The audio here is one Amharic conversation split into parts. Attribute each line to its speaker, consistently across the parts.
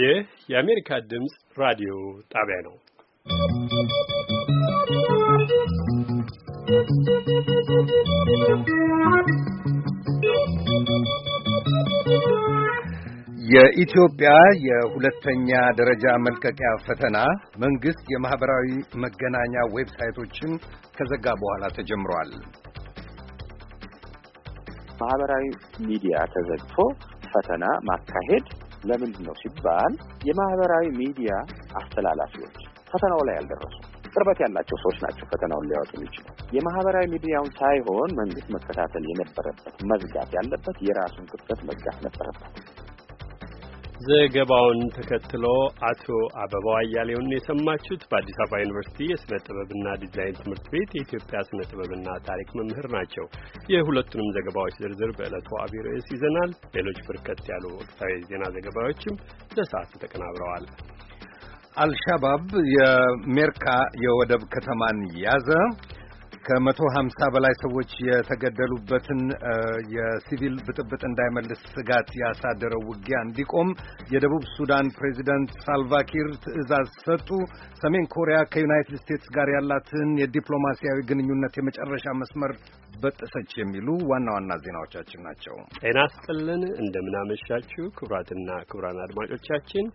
Speaker 1: ይህ የአሜሪካ ድምፅ ራዲዮ ጣቢያ ነው።
Speaker 2: የኢትዮጵያ የሁለተኛ ደረጃ መልቀቂያ ፈተና መንግሥት የማኅበራዊ መገናኛ ዌብሳይቶችን ከዘጋ በኋላ ተጀምሯል። ማህበራዊ ሚዲያ ተዘግቶ ፈተና ማካሄድ
Speaker 3: ለምንድን ነው ሲባል የማህበራዊ ሚዲያ አስተላላፊዎች ፈተናው ላይ ያልደረሱ ቅርበት ያላቸው ሰዎች ናቸው ፈተናውን ሊያወጡ የሚችሉ። የማህበራዊ ሚዲያውን ሳይሆን መንግስት መከታተል የነበረበት መዝጋት ያለበት የራሱን ክፍተት መዝጋት ነበረበት።
Speaker 1: ዘገባውን ተከትሎ አቶ አበባው አያሌውን የሰማችሁት በአዲስ አበባ ዩኒቨርሲቲ የስነ ጥበብና ዲዛይን ትምህርት ቤት የኢትዮጵያ ስነ ጥበብና ታሪክ መምህር ናቸው። የሁለቱንም ዘገባዎች ዝርዝር በዕለቱ አብይ ርዕስ ይዘናል። ሌሎች በርከት ያሉ ወቅታዊ ዜና ዘገባዎችም ለሰዓቱ ተቀናብረዋል።
Speaker 2: አልሻባብ የሜርካ የወደብ ከተማን ያዘ። ከመቶ ሀምሳ በላይ ሰዎች የተገደሉበትን የሲቪል ብጥብጥ እንዳይመልስ ስጋት ያሳደረው ውጊያ እንዲቆም የደቡብ ሱዳን ፕሬዚደንት ሳልቫኪር ትዕዛዝ ሰጡ። ሰሜን ኮሪያ ከዩናይትድ ስቴትስ ጋር ያላትን የዲፕሎማሲያዊ ግንኙነት የመጨረሻ መስመር
Speaker 1: በጠሰች የሚሉ ዋና ዋና ዜናዎቻችን ናቸው። ጤና ስጥልን፣ እንደምናመሻችሁ ክቡራትና ክቡራን አድማጮቻችን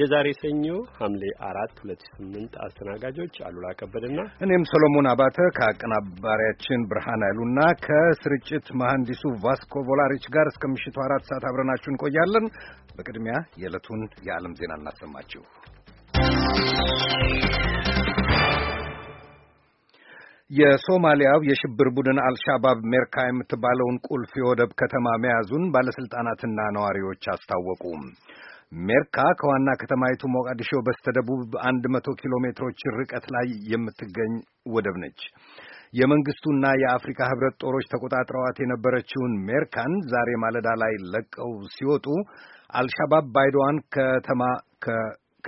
Speaker 1: የዛሬ ሰኞ ሐምሌ አራት ሁለት ስምንት አስተናጋጆች አሉላ ከበድና
Speaker 2: እኔም ሰሎሞን አባተ ከአቀናባሪያችን ብርሃን አይሉና ከስርጭት መሐንዲሱ ቫስኮ ቮላሪች ጋር እስከ ምሽቱ አራት ሰዓት አብረናችሁ እንቆያለን። በቅድሚያ የዕለቱን የዓለም ዜና እናሰማችሁ። የሶማሊያው የሽብር ቡድን አልሻባብ ሜርካ የምትባለውን ቁልፍ የወደብ ከተማ መያዙን ባለሥልጣናትና ነዋሪዎች አስታወቁ። ሜርካ ከዋና ከተማይቱ ሞቃዲሾ በስተደቡብ አንድ መቶ ኪሎ ሜትሮች ርቀት ላይ የምትገኝ ወደብ ነች። የመንግስቱና የአፍሪካ ህብረት ጦሮች ተቆጣጥረዋት የነበረችውን ሜርካን ዛሬ ማለዳ ላይ ለቀው ሲወጡ አልሻባብ ባይዶዋን ከተማ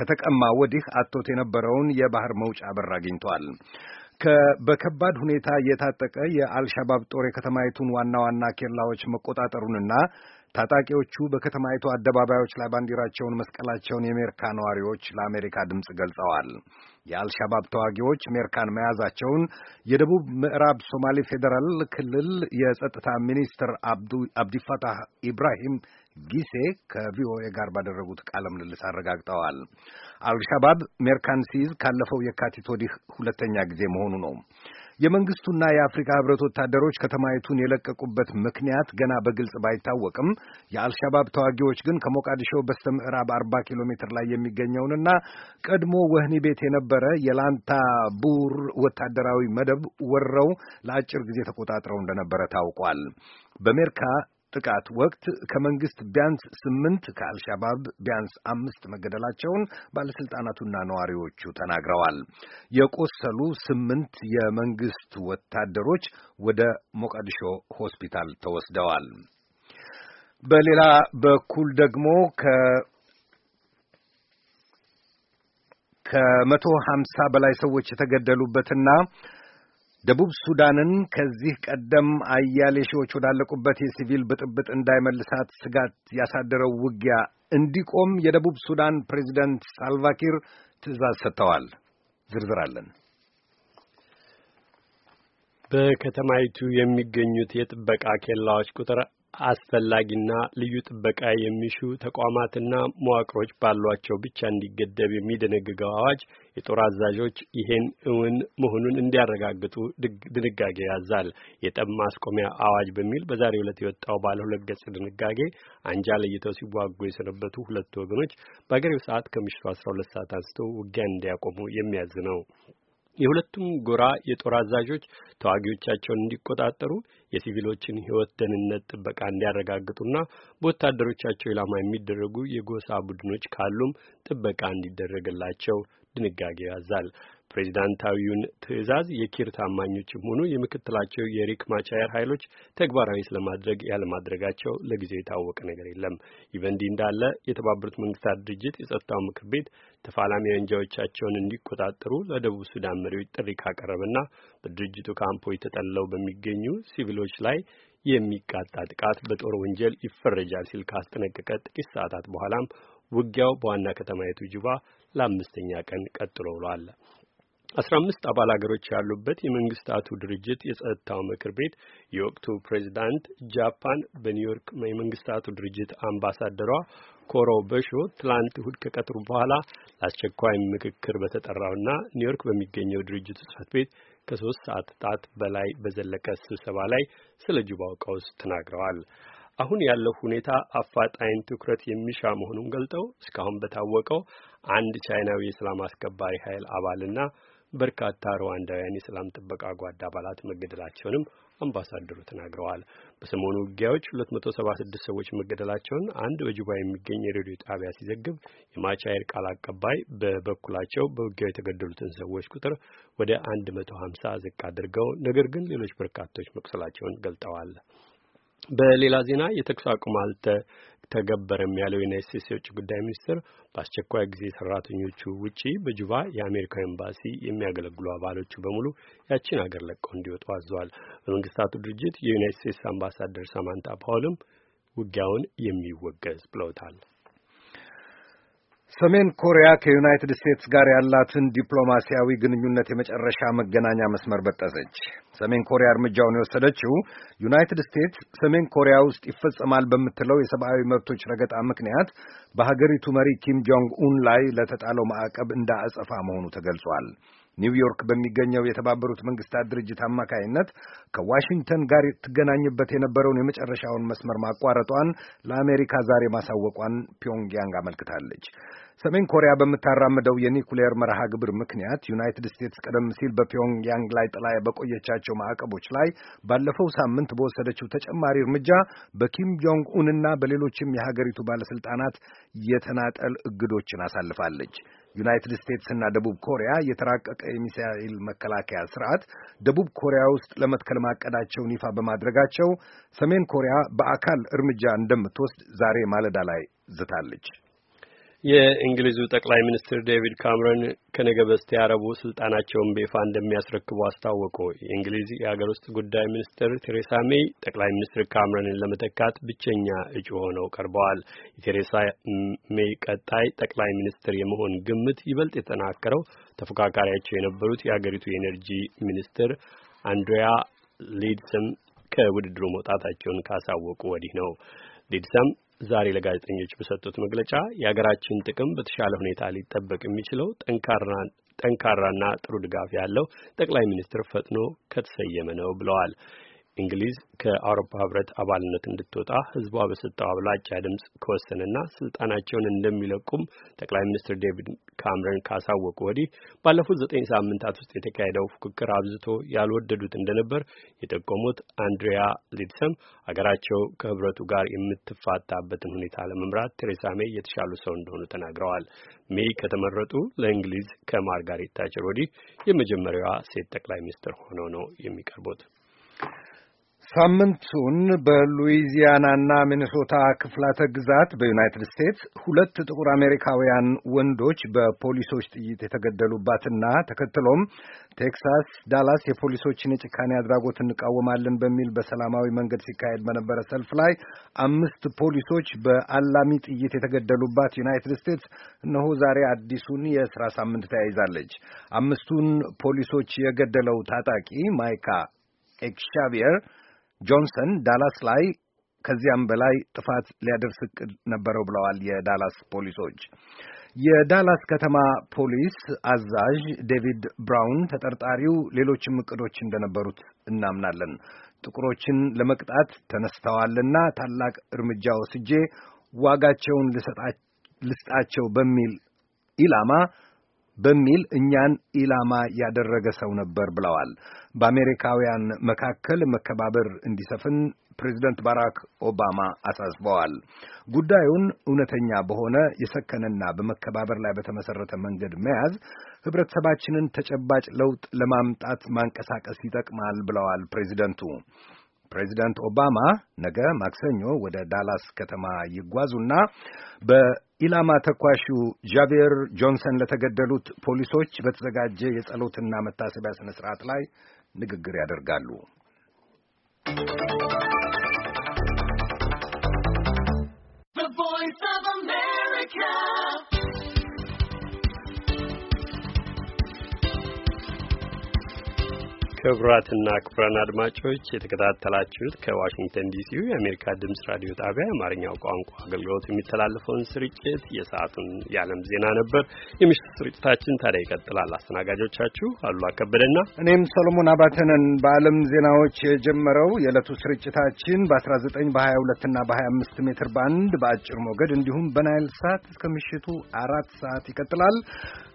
Speaker 2: ከተቀማ ወዲህ አቶት የነበረውን የባህር መውጫ በር አግኝቷል። በከባድ ሁኔታ የታጠቀ የአልሻባብ ጦር የከተማይቱን ዋና ዋና ኬላዎች መቆጣጠሩንና ታጣቂዎቹ በከተማይቱ አደባባዮች ላይ ባንዲራቸውን መስቀላቸውን የሜርካ ነዋሪዎች ለአሜሪካ ድምፅ ገልጸዋል። የአልሻባብ ተዋጊዎች ሜርካን መያዛቸውን የደቡብ ምዕራብ ሶማሌ ፌዴራል ክልል የጸጥታ ሚኒስትር አብዲፈታህ ኢብራሂም ጊሴ ከቪኦኤ ጋር ባደረጉት ቃለ ምልልስ አረጋግጠዋል። አልሻባብ ሜርካንሲዝ ካለፈው የካቲት ወዲህ ሁለተኛ ጊዜ መሆኑ ነው። የመንግስቱና የአፍሪካ ህብረት ወታደሮች ከተማይቱን የለቀቁበት ምክንያት ገና በግልጽ ባይታወቅም የአልሻባብ ተዋጊዎች ግን ከሞቃዲሾ በስተ ምዕራብ አርባ ኪሎ ሜትር ላይ የሚገኘውንና ቀድሞ ወህኒ ቤት የነበረ የላንታ ቡር ወታደራዊ መደብ ወረው ለአጭር ጊዜ ተቆጣጥረው እንደነበረ ታውቋል። በሜርካ ጥቃት ወቅት ከመንግስት ቢያንስ ስምንት ከአልሻባብ ቢያንስ አምስት መገደላቸውን ባለስልጣናቱና ነዋሪዎቹ ተናግረዋል። የቆሰሉ ስምንት የመንግስት ወታደሮች ወደ ሞቃዲሾ ሆስፒታል ተወስደዋል። በሌላ በኩል ደግሞ ከ ከመቶ ሀምሳ በላይ ሰዎች የተገደሉበትና ደቡብ ሱዳንን ከዚህ ቀደም አያሌ ሺዎች ወዳለቁበት የሲቪል ብጥብጥ እንዳይመልሳት ስጋት ያሳደረው ውጊያ እንዲቆም የደቡብ ሱዳን ፕሬዚደንት ሳልቫኪር ትዕዛዝ ሰጥተዋል። ዝርዝር አለን።
Speaker 1: በከተማይቱ የሚገኙት የጥበቃ ኬላዎች ቁጥር አስፈላጊና ልዩ ጥበቃ የሚሹ ተቋማትና መዋቅሮች ባሏቸው ብቻ እንዲገደብ የሚደነግገው አዋጅ የጦር አዛዦች ይሄን እውን መሆኑን እንዲያረጋግጡ ድንጋጌ ያዛል። የጠብ ማስቆሚያ አዋጅ በሚል በዛሬው ዕለት የወጣው ባለ ሁለት ገጽ ድንጋጌ አንጃ ለይተው ሲዋጉ የሰነበቱ ሁለቱ ወገኖች በአገሬው ሰዓት ከምሽቱ አስራ ሁለት ሰዓት አንስቶ ውጊያ እንዲያቆሙ የሚያዝ ነው። የሁለቱም ጎራ የጦር አዛዦች ተዋጊዎቻቸውን እንዲቆጣጠሩ የሲቪሎችን ሕይወት ደህንነት ጥበቃ እንዲያረጋግጡና በወታደሮቻቸው ኢላማ የሚደረጉ የጎሳ ቡድኖች ካሉም ጥበቃ እንዲደረግላቸው ድንጋጌ ያዛል። ፕሬዚዳንታዊውን ትዕዛዝ የኪር ታማኞችም ሆኑ የምክትላቸው የሪክ ማቻየር ኃይሎች ተግባራዊ ስለማድረግ ያለማድረጋቸው ለጊዜው የታወቀ ነገር የለም። ይህ በእንዲህ እንዳለ የተባበሩት መንግስታት ድርጅት የጸጥታው ምክር ቤት ተፋላሚ ወንጃዎቻቸውን እንዲቆጣጠሩ ለደቡብ ሱዳን መሪዎች ጥሪ ካቀረበና በድርጅቱ ካምፖች ተጠልለው በሚገኙ ሲቪሎች ላይ የሚቃጣ ጥቃት በጦር ወንጀል ይፈረጃል ሲል ካስጠነቀቀ ጥቂት ሰዓታት በኋላም ውጊያው በዋና ከተማይቱ ጁባ ለአምስተኛ ቀን ቀጥሎ ውሏል። አስራ አምስት አባል ሀገሮች ያሉበት የመንግስታቱ ድርጅት የጸጥታው ምክር ቤት የወቅቱ ፕሬዚዳንት ጃፓን በኒውዮርክ የመንግስታቱ ድርጅት አምባሳደሯ ኮሮ በሾ ትላንት እሁድ ከቀጥሩ በኋላ ለአስቸኳይ ምክክር በተጠራውና ኒውዮርክ በሚገኘው ድርጅቱ ጽህፈት ቤት ከሶስት ጣት በላይ በዘለቀ ስብሰባ ላይ ስለ ጁባው ቀውስ ተናግረዋል። አሁን ያለው ሁኔታ አፋጣኝ ትኩረት የሚሻ መሆኑን ገልጠው እስካሁን በታወቀው አንድ ቻይናዊ የሰላም አስከባሪ ኃይል አባልና በርካታ ሩዋንዳውያን የሰላም ጥበቃ ጓድ አባላት መገደላቸውንም አምባሳደሩ ተናግረዋል። በሰሞኑ ውጊያዎች 276 ሰዎች መገደላቸውን አንድ በጁባ የሚገኝ የሬዲዮ ጣቢያ ሲዘግብ የማቻይር ቃል አቀባይ በበኩላቸው በውጊያው የተገደሉትን ሰዎች ቁጥር ወደ 150 ዝቅ አድርገው ነገር ግን ሌሎች በርካቶች መቁሰላቸውን ገልጠዋል። በሌላ ዜና የተኩስ አቁም ተገበረም ያለው የዩናይት ስቴትስ የውጭ ጉዳይ ሚኒስትር በአስቸኳይ ጊዜ ሰራተኞቹ ውጪ በጁባ የአሜሪካ ኤምባሲ የሚያገለግሉ አባሎቹ በሙሉ ያቺን ሀገር ለቀው እንዲወጡ አዘዋል። በመንግስታቱ ድርጅት የዩናይት ስቴትስ አምባሳደር ሳማንታ ፓውልም ውጊያውን የሚወገዝ ብለውታል።
Speaker 2: ሰሜን ኮሪያ ከዩናይትድ ስቴትስ ጋር ያላትን ዲፕሎማሲያዊ ግንኙነት የመጨረሻ መገናኛ መስመር በጠሰች። ሰሜን ኮሪያ እርምጃውን የወሰደችው ዩናይትድ ስቴትስ ሰሜን ኮሪያ ውስጥ ይፈጸማል በምትለው የሰብአዊ መብቶች ረገጣ ምክንያት በሀገሪቱ መሪ ኪም ጆንግ ኡን ላይ ለተጣለው ማዕቀብ እንዳጸፋ አጸፋ መሆኑ ተገልጿል። ኒውዮርክ በሚገኘው የተባበሩት መንግስታት ድርጅት አማካይነት ከዋሽንግተን ጋር ትገናኝበት የነበረውን የመጨረሻውን መስመር ማቋረጧን ለአሜሪካ ዛሬ ማሳወቋን ፒዮንግያንግ አመልክታለች። ሰሜን ኮሪያ በምታራምደው የኒኩሌየር መርሃ ግብር ምክንያት ዩናይትድ ስቴትስ ቀደም ሲል በፒዮንግያንግ ላይ ጥላ በቆየቻቸው ማዕቀቦች ላይ ባለፈው ሳምንት በወሰደችው ተጨማሪ እርምጃ በኪም ጆንግ ኡንና በሌሎችም የሀገሪቱ ባለስልጣናት የተናጠል እግዶችን አሳልፋለች። ዩናይትድ ስቴትስ እና ደቡብ ኮሪያ የተራቀቀ የሚሳኤል መከላከያ ስርዓት ደቡብ ኮሪያ ውስጥ ለመትከል ማቀዳቸውን ይፋ በማድረጋቸው ሰሜን ኮሪያ በአካል እርምጃ እንደምትወስድ ዛሬ ማለዳ ላይ ዝታለች።
Speaker 1: የእንግሊዙ ጠቅላይ ሚኒስትር ዴቪድ ካምረን ከነገ በስቲያ አረቡ ስልጣናቸውን በይፋ እንደሚያስረክቡ አስታወቁ። የእንግሊዝ የሀገር ውስጥ ጉዳይ ሚኒስትር ቴሬሳ ሜይ ጠቅላይ ሚኒስትር ካምረንን ለመተካት ብቸኛ እጩ ሆነው ቀርበዋል። የቴሬሳ ሜይ ቀጣይ ጠቅላይ ሚኒስትር የመሆን ግምት ይበልጥ የተጠናከረው ተፎካካሪያቸው የነበሩት የሀገሪቱ የኤነርጂ ሚኒስትር አንድሪያ ሊድሰም ከውድድሩ መውጣታቸውን ካሳወቁ ወዲህ ነው። ሊድሰም ዛሬ ለጋዜጠኞች በሰጡት መግለጫ የሀገራችን ጥቅም በተሻለ ሁኔታ ሊጠበቅ የሚችለው ጠንካራና ጥሩ ድጋፍ ያለው ጠቅላይ ሚኒስትር ፈጥኖ ከተሰየመ ነው ብለዋል። እንግሊዝ ከአውሮፓ ህብረት አባልነት እንድትወጣ ህዝቧ በሰጠው አብላጫ ድምፅ ከወሰነና ስልጣናቸውን እንደሚለቁም ጠቅላይ ሚኒስትር ዴቪድ ካምረን ካሳወቁ ወዲህ ባለፉት ዘጠኝ ሳምንታት ውስጥ የተካሄደው ፉክክር አብዝቶ ያልወደዱት እንደነበር የጠቆሙት አንድሪያ ሊድሰም አገራቸው ከህብረቱ ጋር የምትፋታበትን ሁኔታ ለመምራት ቴሬሳ ሜይ የተሻሉ ሰው እንደሆኑ ተናግረዋል። ሜይ ከተመረጡ ለእንግሊዝ ከማርጋሬት ታቸር ወዲህ የመጀመሪያዋ ሴት ጠቅላይ ሚኒስትር ሆነው ነው የሚቀርቡት።
Speaker 2: ሳምንቱን በሉዊዚያናና ሚኒሶታ ክፍላተ ግዛት በዩናይትድ ስቴትስ ሁለት ጥቁር አሜሪካውያን ወንዶች በፖሊሶች ጥይት የተገደሉባትና ተከትሎም ቴክሳስ ዳላስ የፖሊሶችን የጭካኔ አድራጎት እንቃወማለን በሚል በሰላማዊ መንገድ ሲካሄድ በነበረ ሰልፍ ላይ አምስት ፖሊሶች በአላሚ ጥይት የተገደሉባት ዩናይትድ ስቴትስ እነሆ ዛሬ አዲሱን የስራ ሳምንት ተያይዛለች። አምስቱን ፖሊሶች የገደለው ታጣቂ ማይካ ኤክሻቪየር ጆንሰን ዳላስ ላይ ከዚያም በላይ ጥፋት ሊያደርስ እቅድ ነበረው ብለዋል የዳላስ ፖሊሶች። የዳላስ ከተማ ፖሊስ አዛዥ ዴቪድ ብራውን ተጠርጣሪው ሌሎችም እቅዶች እንደነበሩት እናምናለን፣ ጥቁሮችን ለመቅጣት ተነስተዋልና ታላቅ እርምጃ ወስጄ ዋጋቸውን ልስጣቸው በሚል ኢላማ በሚል እኛን ኢላማ ያደረገ ሰው ነበር ብለዋል። በአሜሪካውያን መካከል መከባበር እንዲሰፍን ፕሬዚደንት ባራክ ኦባማ አሳስበዋል። ጉዳዩን እውነተኛ በሆነ የሰከነና በመከባበር ላይ በተመሰረተ መንገድ መያዝ ህብረተሰባችንን ተጨባጭ ለውጥ ለማምጣት ማንቀሳቀስ ይጠቅማል ብለዋል ፕሬዚደንቱ። ፕሬዚደንት ኦባማ ነገ ማክሰኞ ወደ ዳላስ ከተማ ይጓዙና ኢላማ ተኳሹ ጃቬር ጆንሰን ለተገደሉት ፖሊሶች በተዘጋጀ የጸሎትና መታሰቢያ ስነ ስርዓት ላይ ንግግር ያደርጋሉ።
Speaker 1: ክቡራትና ክቡራን አድማጮች የተከታተላችሁት ከዋሽንግተን ዲሲው የአሜሪካ ድምፅ ራዲዮ ጣቢያ የአማርኛው ቋንቋ አገልግሎት የሚተላለፈውን ስርጭት የሰዓቱን የዓለም ዜና ነበር። የምሽቱ ስርጭታችን ታዲያ ይቀጥላል። አስተናጋጆቻችሁ አሉላ ከበደና
Speaker 2: እኔም ሰሎሞን አባተንን በዓለም ዜናዎች የጀመረው የዕለቱ ስርጭታችን በ19 በ22ና በ25 ሜትር ባንድ በአጭር ሞገድ እንዲሁም በናይል ሳት እስከ ምሽቱ አራት ሰዓት ይቀጥላል።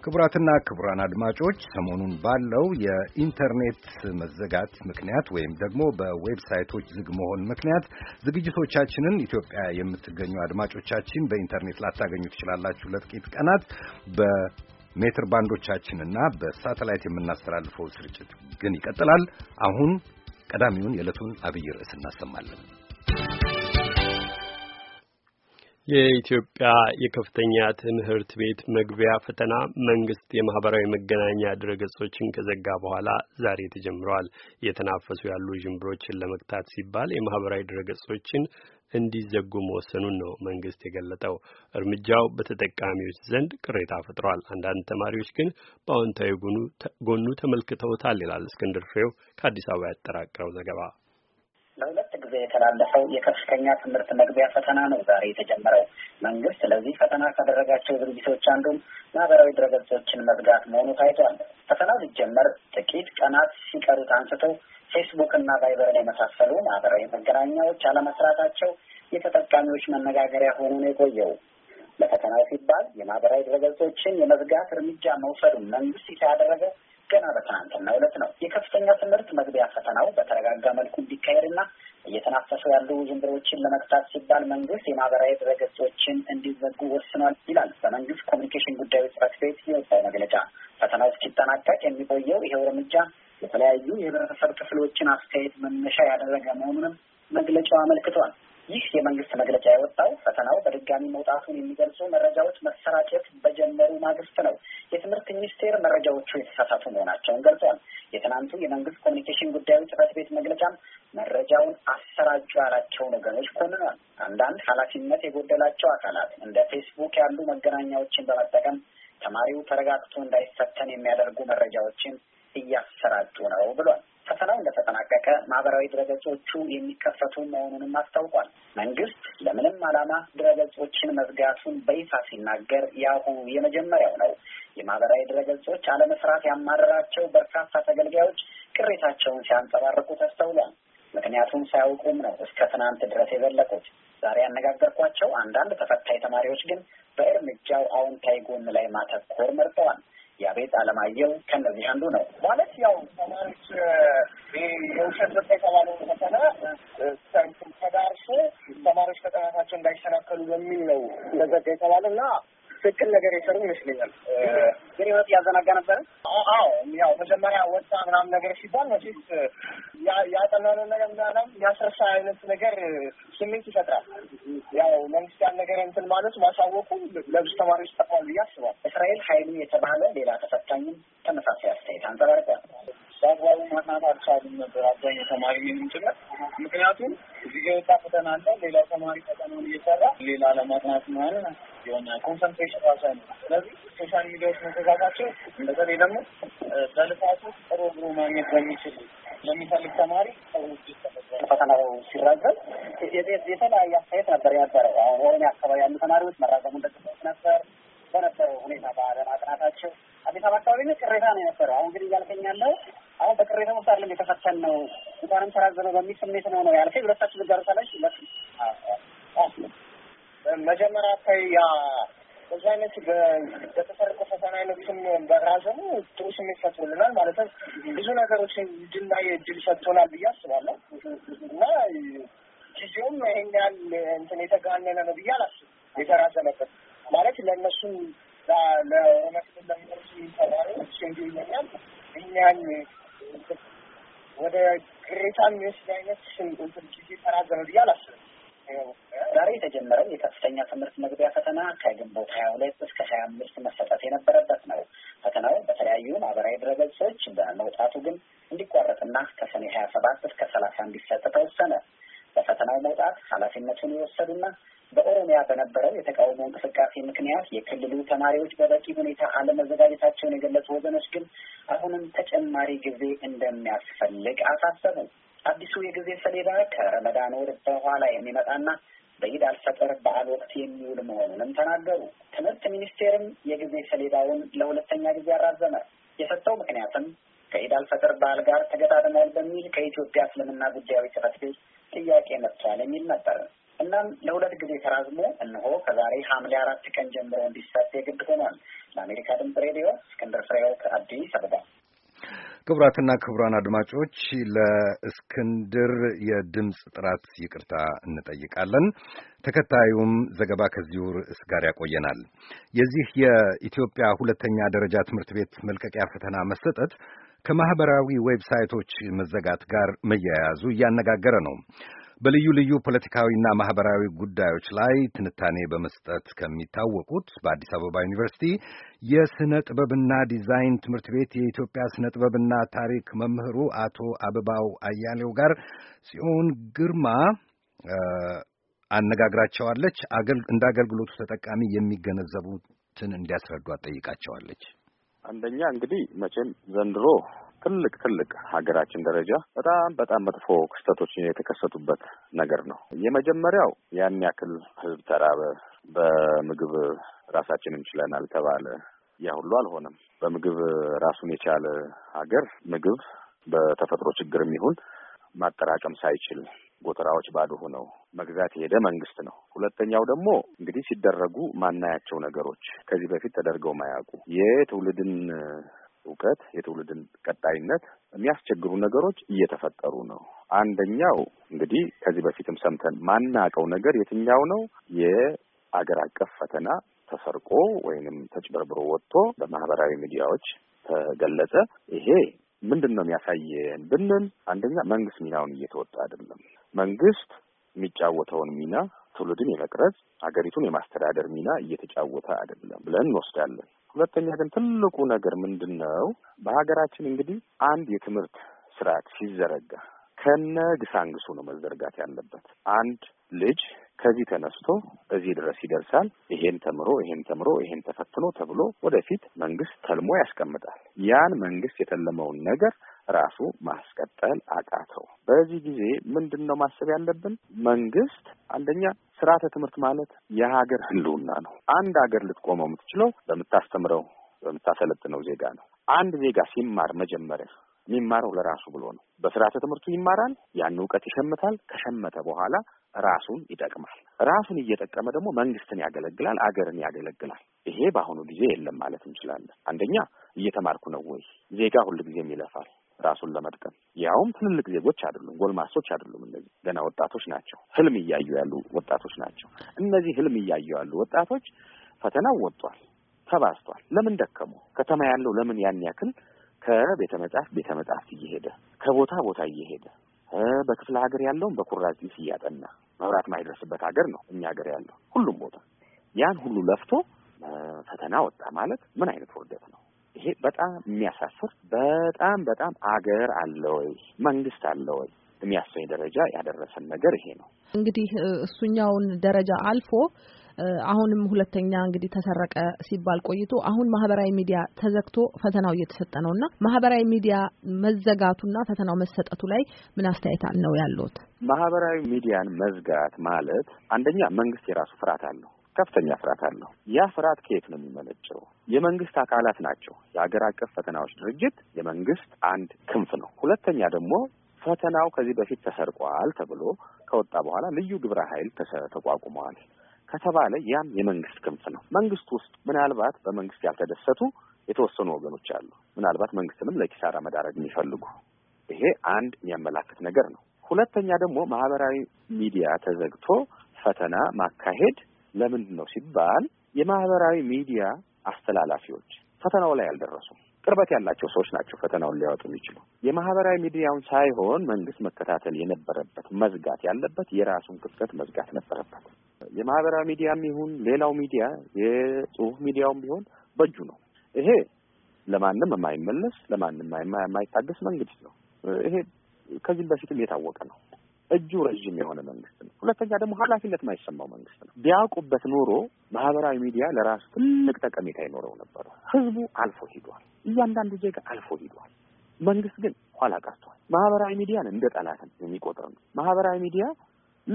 Speaker 2: ክቡራትና ክቡራን አድማጮች ሰሞኑን ባለው የኢንተርኔት መዘጋት ምክንያት ወይም ደግሞ በዌብሳይቶች ዝግ መሆን ምክንያት ዝግጅቶቻችንን ኢትዮጵያ የምትገኙ አድማጮቻችን በኢንተርኔት ላታገኙ ትችላላችሁ። ለጥቂት ቀናት በሜትር ባንዶቻችንና በሳተላይት የምናስተላልፈው
Speaker 4: ስርጭት
Speaker 1: ግን ይቀጥላል። አሁን ቀዳሚውን የዕለቱን አብይ ርዕስ እናሰማለን። የኢትዮጵያ የከፍተኛ ትምህርት ቤት መግቢያ ፈተና መንግስት የማህበራዊ መገናኛ ድረገጾችን ከዘጋ በኋላ ዛሬ ተጀምረዋል። እየተናፈሱ ያሉ ዥንብሮችን ለመግታት ሲባል የማህበራዊ ድረገጾችን እንዲዘጉ መወሰኑን ነው መንግስት የገለጠው። እርምጃው በተጠቃሚዎች ዘንድ ቅሬታ ፈጥሯል። አንዳንድ ተማሪዎች ግን በአዎንታዊ ጎኑ ተመልክተውታል ይላል እስክንድር ፍሬው ከአዲስ አበባ ያጠራቀረው ዘገባ።
Speaker 5: ጊዜ የተላለፈው የከፍተኛ ትምህርት መግቢያ ፈተና ነው ዛሬ የተጀመረው። መንግስት ለዚህ ፈተና ካደረጋቸው ዝግጅቶች አንዱም ማህበራዊ ድረገጾችን መዝጋት መሆኑ ታይቷል። ፈተናው ሊጀመር ጥቂት ቀናት ሲቀሩት አንስቶ ፌስቡክ እና ቫይበርን የመሳሰሉ ማህበራዊ መገናኛዎች አለመስራታቸው የተጠቃሚዎች መነጋገሪያ ሆኖ ነው የቆየው። ለፈተናው ሲባል የማህበራዊ ድረገጾችን የመዝጋት እርምጃ መውሰዱን መንግስት ይፋ ያደረገ ገና በትናንትና ዕለት ነው። የከፍተኛ ትምህርት መግቢያ ፈተናው በተረጋጋ መልኩ እንዲካሄድና እየተናፈሱ ያሉ ዝንብሮችን ለመቅጣት ሲባል መንግስት የማህበራዊ ድረገጾችን እንዲዘጉ ወስኗል ይላል በመንግስት ኮሚኒኬሽን ጉዳዮች ጽሕፈት ቤት የወጣው መግለጫ። ፈተናው እስኪጠናቀቅ የሚቆየው ይሄው እርምጃ የተለያዩ የህብረተሰብ ክፍሎችን አስተያየት መነሻ ያደረገ መሆኑንም መግለጫው አመልክቷል። ይህ የመንግስት መግለጫ የወጣው ፈተናው በድጋሚ መውጣቱን የሚገልጹ መረጃዎች መሰራጨት በጀመሩ ማግስት ነው። የትምህርት ሚኒስቴር መረጃዎቹ የተሳሳቱ መሆናቸውን ገልጿል። የትናንቱ የመንግስት ኮሚኒኬሽን ጉዳዮች ጽሕፈት ቤት መግለጫም መረጃውን አሰራጩ ያላቸውን ወገኖች ኮንኗል። አንዳንድ ኃላፊነት የጎደላቸው አካላት እንደ ፌስቡክ ያሉ መገናኛዎችን በመጠቀም ተማሪው ተረጋግቶ እንዳይፈተን የሚያደርጉ መረጃዎችን እያሰራጩ ነው ብሏል። ፈተናው እንደተጠናቀቀ ማህበራዊ ድረገጾቹ የሚከፈቱ መሆኑንም አስታውቋል። መንግስት ለምንም ዓላማ ድረገጾችን መዝጋቱን በይፋ ሲናገር ያሁ የመጀመሪያው ነው። የማህበራዊ ድረገጾች አለመስራት ያማረራቸው በርካታ ተገልጋዮች ቅሬታቸውን ሲያንጸባርቁ ተስተውሏል። ምክንያቱም ሳያውቁም ነው እስከ ትናንት ድረስ የዘለቁት። ዛሬ ያነጋገርኳቸው አንዳንድ ተፈታኝ ተማሪዎች ግን በእርምጃው አዎንታዊ ጎን ላይ ማተኮር መርጠዋል። ያቤት አለማየሁ ከነዚህ አንዱ ነው። ማለት ያው ተማሪዎች የውሸት ዘጠ የተባለውን ፈተና ተዳርሶ ተማሪዎች ፈተናታቸው እንዳይሰናከሉ በሚል ነው ተዘጋ የተባለ እና ትክክል ነገር የሰሩ ይመስለኛል። ግን ይወት ያዘናጋ ነበረ። አዎ ያው መጀመሪያ ወጣ ምናምን ነገር ሲባል መቼስ ያጠናነው ነገር ምናምን ያስረሳ አይነት ነገር ስሜት ይፈጥራል። ያው መንግስት ያን ነገር እንትን ማለት ማሳወቁ ለብዙ ተማሪዎች ጠቅሟል ብዬ አስባል። እስራኤል ሀይሉ የተባለ ሌላ ተፈታኝም ተመሳሳይ አስተያየት አንጸባርቀ በአግባቡ ማጥናት አልቻሉም ነበር አብዛኛው ተማሪ የምንችለው ምክንያቱም እዚህ የወጣ ፈተና አለ። ሌላ ተማሪ ፈተናውን እየሰራ ሌላ ለማጥናት ምናምን የሆነ ኮንሰንትሬሽን ራሳ ያለ። ስለዚህ ሶሻል ሚዲያዎች መዘጋታቸው በተለይ ደግሞ በልፋቱ ጥሩ ብሩ ማግኘት በሚችል ለሚፈልግ ተማሪ ሰዎች ፈተናው ሲራዘም የተለያየ አስተያየት ነበር ያበረው። ወይኔ አካባቢ ያሉ ተማሪዎች መራዘሙን ደግፈት ነበር በነበረው ሁኔታ በአለማጥናታቸው አዲስ አበባ አካባቢ ቅሬታ ነው የነበረው። አሁን ግን እያልከኛለው አሁን በቅሬታ ውስጥ አይደለም የተፈተን ነው እንኳንም ተራዘመ በሚል ስሜት ነው ነው ያልከኝ። ሁለታችን ልጋርሳለች ለት መጀመሪያ አካባቢ ያ በዛ አይነት በተሰረቀ ፈተና አይነቱን በራዘሙ ጥሩ ስሜት ፈጥሮልናል። ማለትም ብዙ ነገሮችን እንድናይ እድል ሰጥቶናል ብዬ አስባለሁ እና ጊዜውም ይሄን ያህል እንትን የተጋነነ ነው ብዬ አላስብም። የተራዘመበት ማለት ለእነሱም ለሆነ ለሚደርሱ ተማሪዎች እንዲሁ ይመኛል ይህን ያህል ወደ ቅሬታ የሚወስድ አይነት ጊዜ ተራዘመ ብዬ አላስብም። ዛሬ የተጀመረው የከፍተኛ ትምህርት መግቢያ ፈተና ከግንቦት ሀያ ሁለት እስከ ሀያ አምስት መሰጠት የነበረበት ነው። ፈተናው በተለያዩ ማህበራዊ ድረገጾች በመውጣቱ ግን እንዲቋረጥና ከሰኔ ሀያ ሰባት እስከ ሰላሳ እንዲሰጥ ተወሰነ። በፈተናው መውጣት ኃላፊነቱን የወሰዱና በኦሮሚያ በነበረው የተቃውሞ እንቅስቃሴ ምክንያት የክልሉ ተማሪዎች በበቂ ሁኔታ አለመዘጋጀታቸውን የገለጹ ወገኖች ግን አሁንም ተጨማሪ ጊዜ እንደሚያስፈልግ አሳሰቡ። አዲሱ የጊዜ ሰሌዳ ከረመዳን ወር በኋላ የሚመጣና በኢድ አልፈጥር በዓል ወቅት የሚውል መሆኑንም ተናገሩ። ትምህርት ሚኒስቴርም የጊዜ ሰሌዳውን ለሁለተኛ ጊዜ አራዘመ። የሰጠው ምክንያትም ከኢድ አልፈጥር በዓል ጋር ተገጣጥሟል በሚል ከኢትዮጵያ እስልምና ጉዳዮች ጽሕፈት ቤት ጥያቄ መጥቷል የሚል ነበር። እናም ለሁለት ጊዜ ተራዝሞ እነሆ ከዛሬ ሐምሌ አራት ቀን ጀምሮ እንዲሰጥ የግድ ሆኗል። ለአሜሪካ ድምፅ ሬዲዮ እስክንድር ፍሬው ከአዲስ አበባ።
Speaker 2: ክቡራትና ክቡራን አድማጮች ለእስክንድር የድምፅ ጥራት ይቅርታ እንጠይቃለን። ተከታዩም ዘገባ ከዚሁ ርዕስ ጋር ያቆየናል። የዚህ የኢትዮጵያ ሁለተኛ ደረጃ ትምህርት ቤት መልቀቂያ ፈተና መሰጠት ከማኅበራዊ ዌብሳይቶች መዘጋት ጋር መያያዙ እያነጋገረ ነው። በልዩ ልዩ ፖለቲካዊና ማኅበራዊ ጉዳዮች ላይ ትንታኔ በመስጠት ከሚታወቁት በአዲስ አበባ ዩኒቨርሲቲ የሥነ ጥበብና ዲዛይን ትምህርት ቤት የኢትዮጵያ ሥነ ጥበብና ታሪክ መምህሩ አቶ አበባው አያሌው ጋር ሲሆን ግርማ አነጋግራቸዋለች። እንደ አገልግሎቱ ተጠቃሚ የሚገነዘቡትን እንዲያስረዷት ጠይቃቸዋለች።
Speaker 3: አንደኛ እንግዲህ መቼም ዘንድሮ ትልቅ ትልቅ ሀገራችን ደረጃ በጣም በጣም መጥፎ ክስተቶች የተከሰቱበት ነገር ነው። የመጀመሪያው ያን ያክል ህዝብ ተራበ፣ በምግብ ራሳችንን ችለናል ተባለ። ያ ሁሉ አልሆነም። በምግብ ራሱን የቻለ ሀገር ምግብ በተፈጥሮ ችግርም ይሁን ማጠራቀም ሳይችል ጎተራዎች ባዶ ሆነው መግዛት የሄደ መንግስት ነው። ሁለተኛው ደግሞ እንግዲህ ሲደረጉ ማናያቸው ነገሮች ከዚህ በፊት ተደርገው ማያውቁ የትውልድን እውቀት የትውልድን ቀጣይነት የሚያስቸግሩ ነገሮች እየተፈጠሩ ነው። አንደኛው እንግዲህ ከዚህ በፊትም ሰምተን ማናቀው ነገር የትኛው ነው? የአገር አቀፍ ፈተና ተሰርቆ ወይንም ተጭበርብሮ ወጥቶ በማህበራዊ ሚዲያዎች ተገለጸ። ይሄ ምንድን ነው የሚያሳየን ብንል አንደኛ መንግስት ሚናውን እየተወጣ አይደለም። መንግስት የሚጫወተውን ሚና ትውልድን የመቅረጽ ሀገሪቱን የማስተዳደር ሚና እየተጫወተ አይደለም ብለን እንወስዳለን። ሁለተኛ ግን ትልቁ ነገር ምንድን ነው? በሀገራችን እንግዲህ አንድ የትምህርት ስርዓት ሲዘረጋ ከነ ግሳንግሱ ነው መዘርጋት ያለበት። አንድ ልጅ ከዚህ ተነስቶ እዚህ ድረስ ይደርሳል፣ ይሄን ተምሮ ይሄን ተምሮ ይሄን ተፈትኖ ተብሎ ወደፊት መንግስት ተልሞ ያስቀምጣል። ያን መንግስት የተለመውን ነገር ራሱ ማስቀጠል አቃተው። በዚህ ጊዜ ምንድን ነው ማሰብ ያለብን? መንግስት አንደኛ ስርዓተ ትምህርት ማለት የሀገር ህልውና ነው። አንድ ሀገር ልትቆመው የምትችለው በምታስተምረው በምታሰለጥነው ዜጋ ነው። አንድ ዜጋ ሲማር መጀመሪያ የሚማረው ለራሱ ብሎ ነው። በስርዓተ ትምህርቱ ይማራል፣ ያን እውቀት ይሸምታል። ከሸመተ በኋላ ራሱን ይጠቅማል። ራሱን እየጠቀመ ደግሞ መንግስትን ያገለግላል፣ አገርን ያገለግላል። ይሄ በአሁኑ ጊዜ የለም ማለት እንችላለን። አንደኛ እየተማርኩ ነው ወይ? ዜጋ ጊዜም ይለፋል ራሱን ለመጥቀም ያውም ትልልቅ ዜጎች አይደሉም፣ ጎልማሶች አይደሉም። እነዚህ ገና ወጣቶች ናቸው፣ ህልም እያዩ ያሉ ወጣቶች ናቸው። እነዚህ ህልም እያዩ ያሉ ወጣቶች ፈተናው ወጥቷል፣ ተባስቷል። ለምን ደከሙ? ከተማ ያለው ለምን ያን ያክል ከቤተ መጽሐፍት ቤተ መጽሐፍት እየሄደ ከቦታ ቦታ እየሄደ በክፍለ ሀገር ያለውን በኩራዚስ እያጠና መብራት ማይደርስበት ሀገር ነው እኛ ሀገር ያለው ሁሉም ቦታ ያን ሁሉ ለፍቶ ፈተና ወጣ ማለት ምን አይነት ውርደት ነው? ይሄ በጣም የሚያሳፍር በጣም በጣም አገር አለ ወይ መንግስት አለ ወይ የሚያሰኝ ደረጃ ያደረሰን ነገር ይሄ ነው።
Speaker 6: እንግዲህ እሱኛውን ደረጃ አልፎ አሁንም ሁለተኛ እንግዲህ ተሰረቀ ሲባል ቆይቶ አሁን ማህበራዊ ሚዲያ ተዘግቶ ፈተናው እየተሰጠ ነው እና ማህበራዊ ሚዲያ መዘጋቱና ፈተናው መሰጠቱ ላይ ምን አስተያየት ነው ያለዎት?
Speaker 3: ማህበራዊ ሚዲያን መዝጋት ማለት አንደኛ መንግስት የራሱ ፍርሃት አለው። ከፍተኛ ፍርሃት አለው። ያ ፍርሃት ከየት ነው የሚመነጨው? የመንግስት አካላት ናቸው። የሀገር አቀፍ ፈተናዎች ድርጅት የመንግስት አንድ ክንፍ ነው። ሁለተኛ ደግሞ ፈተናው ከዚህ በፊት ተሰርቋል ተብሎ ከወጣ በኋላ ልዩ ግብረ ኃይል ተቋቁመዋል ከተባለ ያም የመንግስት ክንፍ ነው። መንግስት ውስጥ ምናልባት በመንግስት ያልተደሰቱ የተወሰኑ ወገኖች አሉ። ምናልባት መንግስትንም ለኪሳራ መዳረግ የሚፈልጉ ይሄ አንድ የሚያመላክት ነገር ነው። ሁለተኛ ደግሞ ማህበራዊ ሚዲያ ተዘግቶ ፈተና ማካሄድ ለምንድን ነው ሲባል የማህበራዊ ሚዲያ አስተላላፊዎች ፈተናው ላይ አልደረሱም። ቅርበት ያላቸው ሰዎች ናቸው ፈተናውን ሊያወጡ የሚችሉ። የማህበራዊ ሚዲያውን ሳይሆን መንግስት መከታተል የነበረበት መዝጋት ያለበት የራሱን ክፍተት መዝጋት ነበረበት። የማህበራዊ ሚዲያም ይሁን ሌላው ሚዲያ የጽሁፍ ሚዲያውም ቢሆን በእጁ ነው። ይሄ ለማንም የማይመለስ ለማንም የማይታገስ መንግስት ነው። ይሄ ከዚህም በፊትም የታወቀ ነው። እጁ ረዥም የሆነ መንግስት ነው። ሁለተኛ ደግሞ ኃላፊነት የማይሰማው መንግስት ነው። ቢያውቁበት ኖሮ ማህበራዊ ሚዲያ ለራሱ ትልቅ ጠቀሜታ ይኖረው ነበረ። ህዝቡ አልፎ ሂዷል። እያንዳንዱ ዜጋ አልፎ ሂዷል። መንግስት ግን ኋላ ቀርቷል። ማህበራዊ ሚዲያን እንደ ጠላትን የሚቆጥር ነው። ማህበራዊ ሚዲያ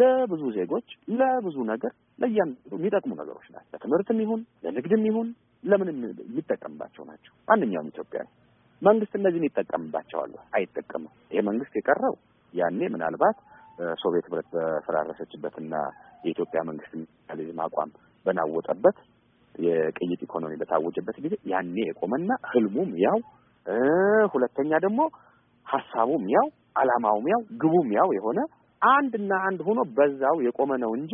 Speaker 3: ለብዙ ዜጎች ለብዙ ነገር ለእያንዳንዱ የሚጠቅሙ ነገሮች ናቸው። ለትምህርትም ይሁን ለንግድም ይሁን ለምን የሚጠቀምባቸው ናቸው። ማንኛውም ኢትዮጵያ መንግስት እነዚህን ይጠቀምባቸዋል አይጠቀምም። ይሄ መንግስት የቀረው ያኔ ምናልባት ሶቪየት ህብረት በፈራረሰችበትና የኢትዮጵያ መንግስት ሊዝም አቋም በናወጠበት የቅይጥ ኢኮኖሚ በታወጀበት ጊዜ ያኔ የቆመና ህልሙም ያው ሁለተኛ ደግሞ ሀሳቡም ያው አላማውም ያው ግቡም ያው የሆነ አንድና አንድ ሆኖ በዛው የቆመ ነው እንጂ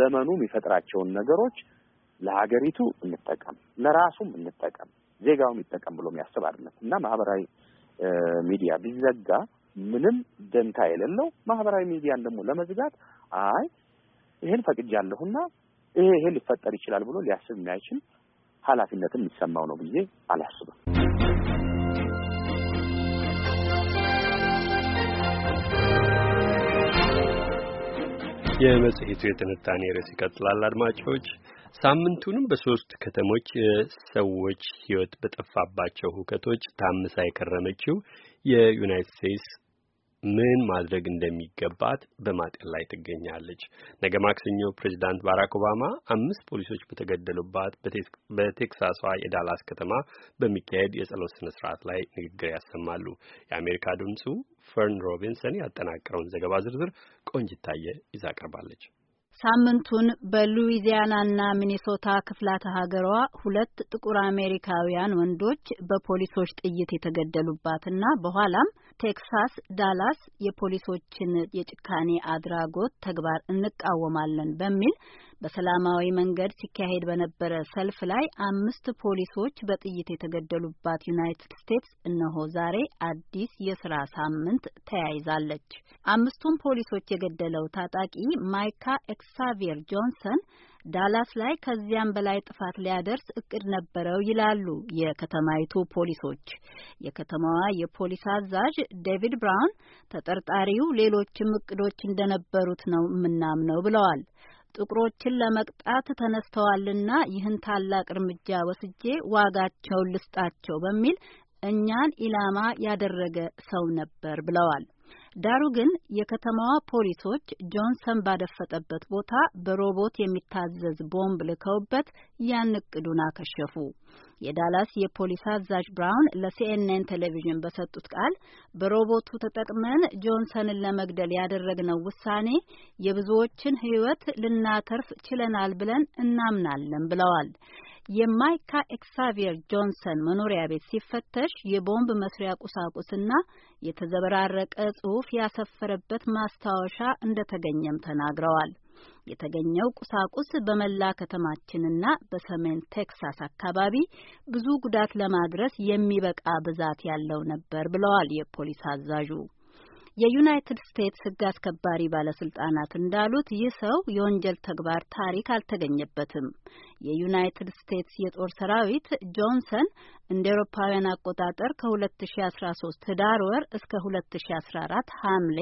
Speaker 3: ዘመኑ የሚፈጥራቸውን ነገሮች ለሀገሪቱ እንጠቀም፣ ለራሱም እንጠቀም፣ ዜጋውም ይጠቀም ብሎ የሚያስብ አይደለም እና ማህበራዊ ሚዲያ ቢዘጋ ምንም ደንታ የሌለው ማህበራዊ ሚዲያን ደግሞ ለመዝጋት አይ ይሄን ፈቅጃለሁና ይሄ ይሄ ሊፈጠር ይችላል ብሎ ሊያስብ የሚያይችል ኃላፊነትም የሚሰማው ነው ብዬ አላስብም።
Speaker 1: የመጽሔቱ የትንታኔ ርዕስ ይቀጥላል። አድማጮች ሳምንቱንም በሶስት ከተሞች የሰዎች ሕይወት በጠፋባቸው ሁከቶች ታምሳ የከረመችው የዩናይትድ ስቴትስ ምን ማድረግ እንደሚገባት በማጤን ላይ ትገኛለች። ነገ ማክሰኞ ፕሬዚዳንት ባራክ ኦባማ አምስት ፖሊሶች በተገደሉባት በቴክሳሷ የዳላስ ከተማ በሚካሄድ የጸሎት ስነ ስርዓት ላይ ንግግር ያሰማሉ። የአሜሪካ ድምፁ ፈርን ሮቢንሰን ያጠናቀረውን ዘገባ ዝርዝር ቆንጅታየ ይዛ ቀርባለች።
Speaker 6: ሳምንቱን በሉዊዚያናና ሚኒሶታ ክፍላተ ሀገሯ ሁለት ጥቁር አሜሪካውያን ወንዶች በፖሊሶች ጥይት የተገደሉባትና በኋላም ቴክሳስ ዳላስ የፖሊሶችን የጭካኔ አድራጎት ተግባር እንቃወማለን በሚል በሰላማዊ መንገድ ሲካሄድ በነበረ ሰልፍ ላይ አምስት ፖሊሶች በጥይት የተገደሉባት ዩናይትድ ስቴትስ እነሆ ዛሬ አዲስ የስራ ሳምንት ተያይዛለች። አምስቱን ፖሊሶች የገደለው ታጣቂ ማይካ ኤክሳቪየር ጆንሰን ዳላስ ላይ ከዚያም በላይ ጥፋት ሊያደርስ እቅድ ነበረው ይላሉ የከተማይቱ ፖሊሶች። የከተማዋ የፖሊስ አዛዥ ዴቪድ ብራውን ተጠርጣሪው ሌሎችም እቅዶች እንደነበሩት ነው የምናምነው ብለዋል። ጥቁሮችን ለመቅጣት ተነስተዋልና ይህን ታላቅ እርምጃ ወስጄ ዋጋቸውን ልስጣቸው በሚል እኛን ኢላማ ያደረገ ሰው ነበር ብለዋል። ዳሩ ግን የከተማዋ ፖሊሶች ጆንሰን ባደፈጠበት ቦታ በሮቦት የሚታዘዝ ቦምብ ልከውበት ያን እቅዱን አከሸፉ። የዳላስ የፖሊስ አዛዥ ብራውን ለሲኤንኤን ቴሌቪዥን በሰጡት ቃል በሮቦቱ ተጠቅመን ጆንሰንን ለመግደል ያደረግነው ውሳኔ የብዙዎችን ሕይወት ልናተርፍ ችለናል ብለን እናምናለን ብለዋል። የማይካ ኤክሳቪየር ጆንሰን መኖሪያ ቤት ሲፈተሽ የቦምብ መስሪያ ቁሳቁስና የተዘበራረቀ ጽሑፍ ያሰፈረበት ማስታወሻ እንደተገኘም ተናግረዋል። የተገኘው ቁሳቁስ በመላ ከተማችንና በሰሜን ቴክሳስ አካባቢ ብዙ ጉዳት ለማድረስ የሚበቃ ብዛት ያለው ነበር ብለዋል የፖሊስ አዛዡ። የዩናይትድ ስቴትስ ሕግ አስከባሪ ባለስልጣናት እንዳሉት ይህ ሰው የወንጀል ተግባር ታሪክ አልተገኘበትም። የዩናይትድ ስቴትስ የጦር ሰራዊት ጆንሰን እንደ ኤሮፓውያን አቆጣጠር ከ2013 ህዳር ወር እስከ 2014 ሐምሌ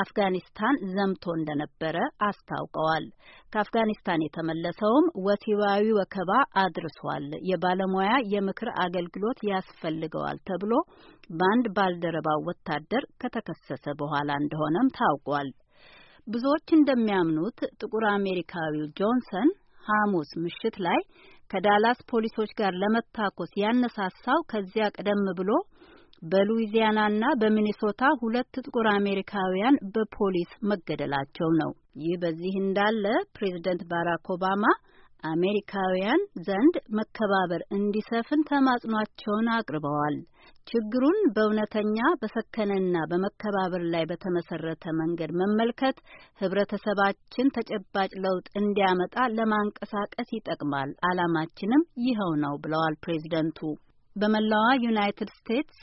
Speaker 6: አፍጋኒስታን ዘምቶ እንደነበረ አስታውቀዋል። ከአፍጋኒስታን የተመለሰውም ወሲባዊ ወከባ አድርሷል፣ የባለሙያ የምክር አገልግሎት ያስፈልገዋል ተብሎ በአንድ ባልደረባው ወታደር ከተከሰሰ በኋላ እንደሆነም ታውቋል። ብዙዎች እንደሚያምኑት ጥቁር አሜሪካዊው ጆንሰን ሐሙስ ምሽት ላይ ከዳላስ ፖሊሶች ጋር ለመታኮስ ያነሳሳው ከዚያ ቀደም ብሎ በሉዊዚያናና በሚኒሶታ ሁለት ጥቁር አሜሪካውያን በፖሊስ መገደላቸው ነው። ይህ በዚህ እንዳለ ፕሬዝደንት ባራክ ኦባማ አሜሪካውያን ዘንድ መከባበር እንዲሰፍን ተማጽኗቸውን አቅርበዋል። ችግሩን በእውነተኛ በሰከነና በመከባበር ላይ በተመሰረተ መንገድ መመልከት ህብረተሰባችን ተጨባጭ ለውጥ እንዲያመጣ ለማንቀሳቀስ ይጠቅማል፣ አላማችንም ይኸው ነው ብለዋል ፕሬዝደንቱ። በመላዋ ዩናይትድ ስቴትስ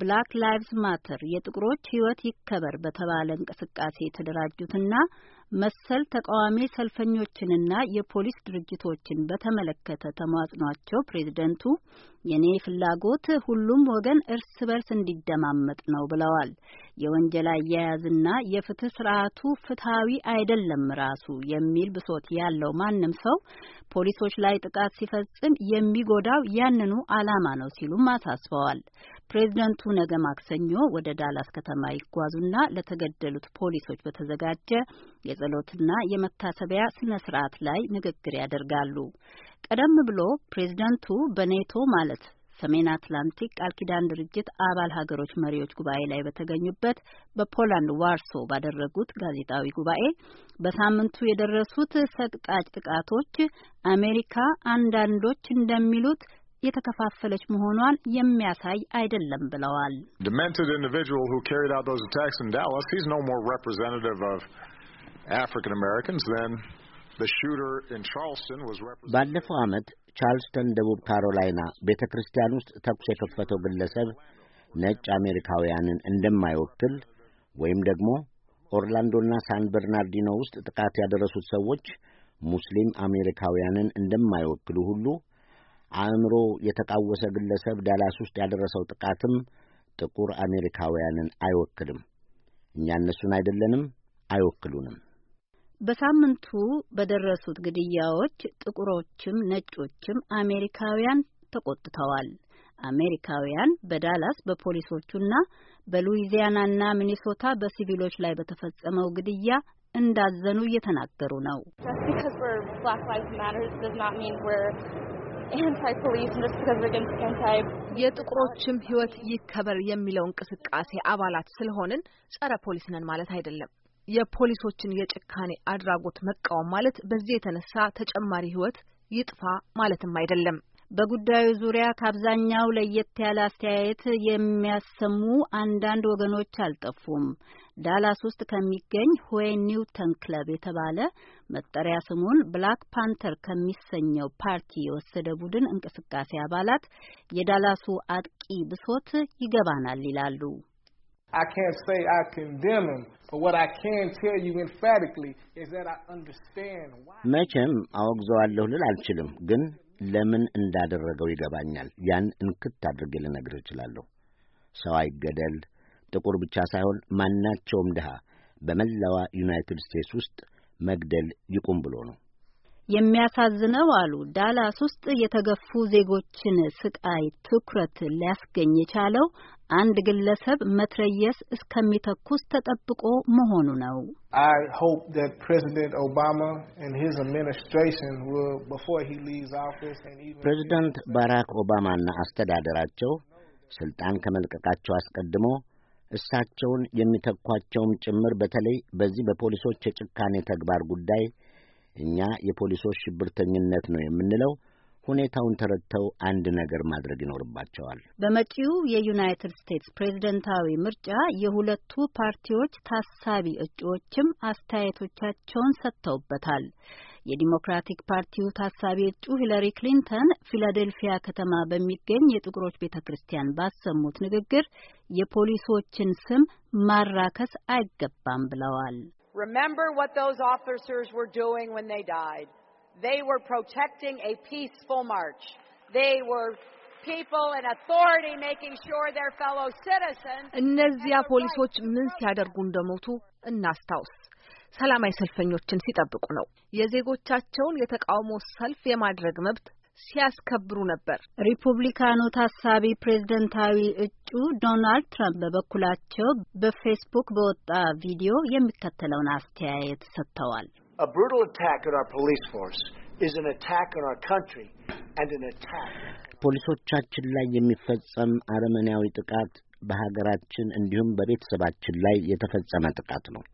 Speaker 6: ብላክ ላይቭስ ማተር የጥቁሮች ሕይወት ይከበር በተባለ እንቅስቃሴ የተደራጁትና መሰል ተቃዋሚ ሰልፈኞችንና የፖሊስ ድርጅቶችን በተመለከተ ተሟጽኗቸው ፕሬዝደንቱ የኔ ፍላጎት ሁሉም ወገን እርስ በርስ እንዲደማመጥ ነው ብለዋል። የወንጀል አያያዝና የፍትህ ስርዓቱ ፍትሐዊ አይደለም ራሱ የሚል ብሶት ያለው ማንም ሰው ፖሊሶች ላይ ጥቃት ሲፈጽም የሚጎዳው ያንኑ ዓላማ ነው ሲሉም አሳስበዋል። ፕሬዝደንቱ ነገ ማክሰኞ ወደ ዳላስ ከተማ ይጓዙና ለተገደሉት ፖሊሶች በተዘጋጀ የጸሎትና የመታሰቢያ ስነ ስርዓት ላይ ንግግር ያደርጋሉ። ቀደም ብሎ ፕሬዝደንቱ በኔቶ ማለት ሰሜን አትላንቲክ ቃል ኪዳን ድርጅት አባል ሀገሮች መሪዎች ጉባኤ ላይ በተገኙበት በፖላንድ ዋርሶ ባደረጉት ጋዜጣዊ ጉባኤ በሳምንቱ የደረሱት ሰቅጣጭ ጥቃቶች አሜሪካ አንዳንዶች እንደሚሉት የተከፋፈለች መሆኗን የሚያሳይ አይደለም ብለዋል።
Speaker 7: ባለፈው ዓመት ቻርልስተን፣ ደቡብ ካሮላይና ቤተ ክርስቲያን ውስጥ ተኩስ የከፈተው ግለሰብ ነጭ አሜሪካውያንን እንደማይወክል ወይም ደግሞ ኦርላንዶና ሳን በርናርዲኖ ውስጥ ጥቃት ያደረሱት ሰዎች ሙስሊም አሜሪካውያንን እንደማይወክሉ ሁሉ አእምሮ የተቃወሰ ግለሰብ ዳላስ ውስጥ ያደረሰው ጥቃትም ጥቁር አሜሪካውያንን አይወክልም። እኛ እነሱን አይደለንም፣ አይወክሉንም።
Speaker 6: በሳምንቱ በደረሱት ግድያዎች ጥቁሮችም ነጮችም አሜሪካውያን ተቆጥተዋል። አሜሪካውያን በዳላስ በፖሊሶቹና በሉዊዚያናና ሚኒሶታ በሲቪሎች ላይ በተፈጸመው ግድያ እንዳዘኑ እየተናገሩ ነው። የጥቁሮችም ህይወት ይከበር የሚለው እንቅስቃሴ አባላት ስለሆንን ጸረ ፖሊስ ነን ማለት አይደለም። የፖሊሶችን የጭካኔ አድራጎት መቃወም ማለት በዚህ የተነሳ ተጨማሪ ህይወት ይጥፋ ማለትም አይደለም። በጉዳዩ ዙሪያ ከአብዛኛው ለየት ያለ አስተያየት የሚያሰሙ አንዳንድ ወገኖች አልጠፉም። ዳላስ ውስጥ ከሚገኝ ሁዌ ኒውተን ክለብ የተባለ መጠሪያ ስሙን ብላክ ፓንተር ከሚሰኘው ፓርቲ የወሰደ ቡድን እንቅስቃሴ አባላት የዳላሱ አጥቂ ብሶት ይገባናል ይላሉ።
Speaker 7: መቼም አወግዘዋለሁ ልል አልችልም፣ ግን ለምን እንዳደረገው ይገባኛል። ያን እንክት አድርጌ ልነግርህ እችላለሁ። ሰው አይገደል፣ ጥቁር ብቻ ሳይሆን ማናቸውም ድሃ በመላዋ ዩናይትድ ስቴትስ ውስጥ መግደል ይቁም ብሎ ነው።
Speaker 6: የሚያሳዝነው አሉ ዳላስ ውስጥ የተገፉ ዜጎችን ስቃይ ትኩረት ሊያስገኝ የቻለው አንድ ግለሰብ መትረየስ እስከሚተኩስ ተጠብቆ መሆኑ ነው።
Speaker 2: ፕሬዚዳንት
Speaker 7: ባራክ ኦባማና አስተዳደራቸው ስልጣን ከመልቀቃቸው አስቀድሞ እሳቸውን የሚተኳቸውም ጭምር በተለይ በዚህ በፖሊሶች የጭካኔ ተግባር ጉዳይ እኛ የፖሊሶች ሽብርተኝነት ነው የምንለው ሁኔታውን ተረድተው አንድ ነገር ማድረግ ይኖርባቸዋል።
Speaker 6: በመጪው የዩናይትድ ስቴትስ ፕሬዝደንታዊ ምርጫ የሁለቱ ፓርቲዎች ታሳቢ እጩዎችም አስተያየቶቻቸውን ሰጥተውበታል። የዲሞክራቲክ ፓርቲው ታሳቢ እጩ ሂለሪ ክሊንተን ፊላዴልፊያ ከተማ በሚገኝ የጥቁሮች ቤተ ክርስቲያን ባሰሙት ንግግር የፖሊሶችን ስም ማራከስ አይገባም ብለዋል።
Speaker 8: Remember what those officers were doing when they died. They were protecting a peaceful march. They were people in authority making sure their fellow citizens
Speaker 6: እነዚያ ፖሊሶች ምን ሲያደርጉ እንደሞቱ እናስታውስ። ሰላማዊ ሰልፈኞችን ሲጠብቁ ነው። የዜጎቻቸውን የተቃውሞ ሰልፍ የማድረግ መብት ሲያስከብሩ ነበር። ሪፑብሊካኑ ታሳቢ ፕሬዝደንታዊ እጩ ዶናልድ ትራምፕ በበኩላቸው በፌስቡክ በወጣ ቪዲዮ የሚከተለውን አስተያየት ሰጥተዋል።
Speaker 7: ፖሊሶቻችን ላይ የሚፈጸም አረመኔያዊ ጥቃት በሀገራችን እንዲሁም በቤተሰባችን ላይ የተፈጸመ ጥቃት ነው።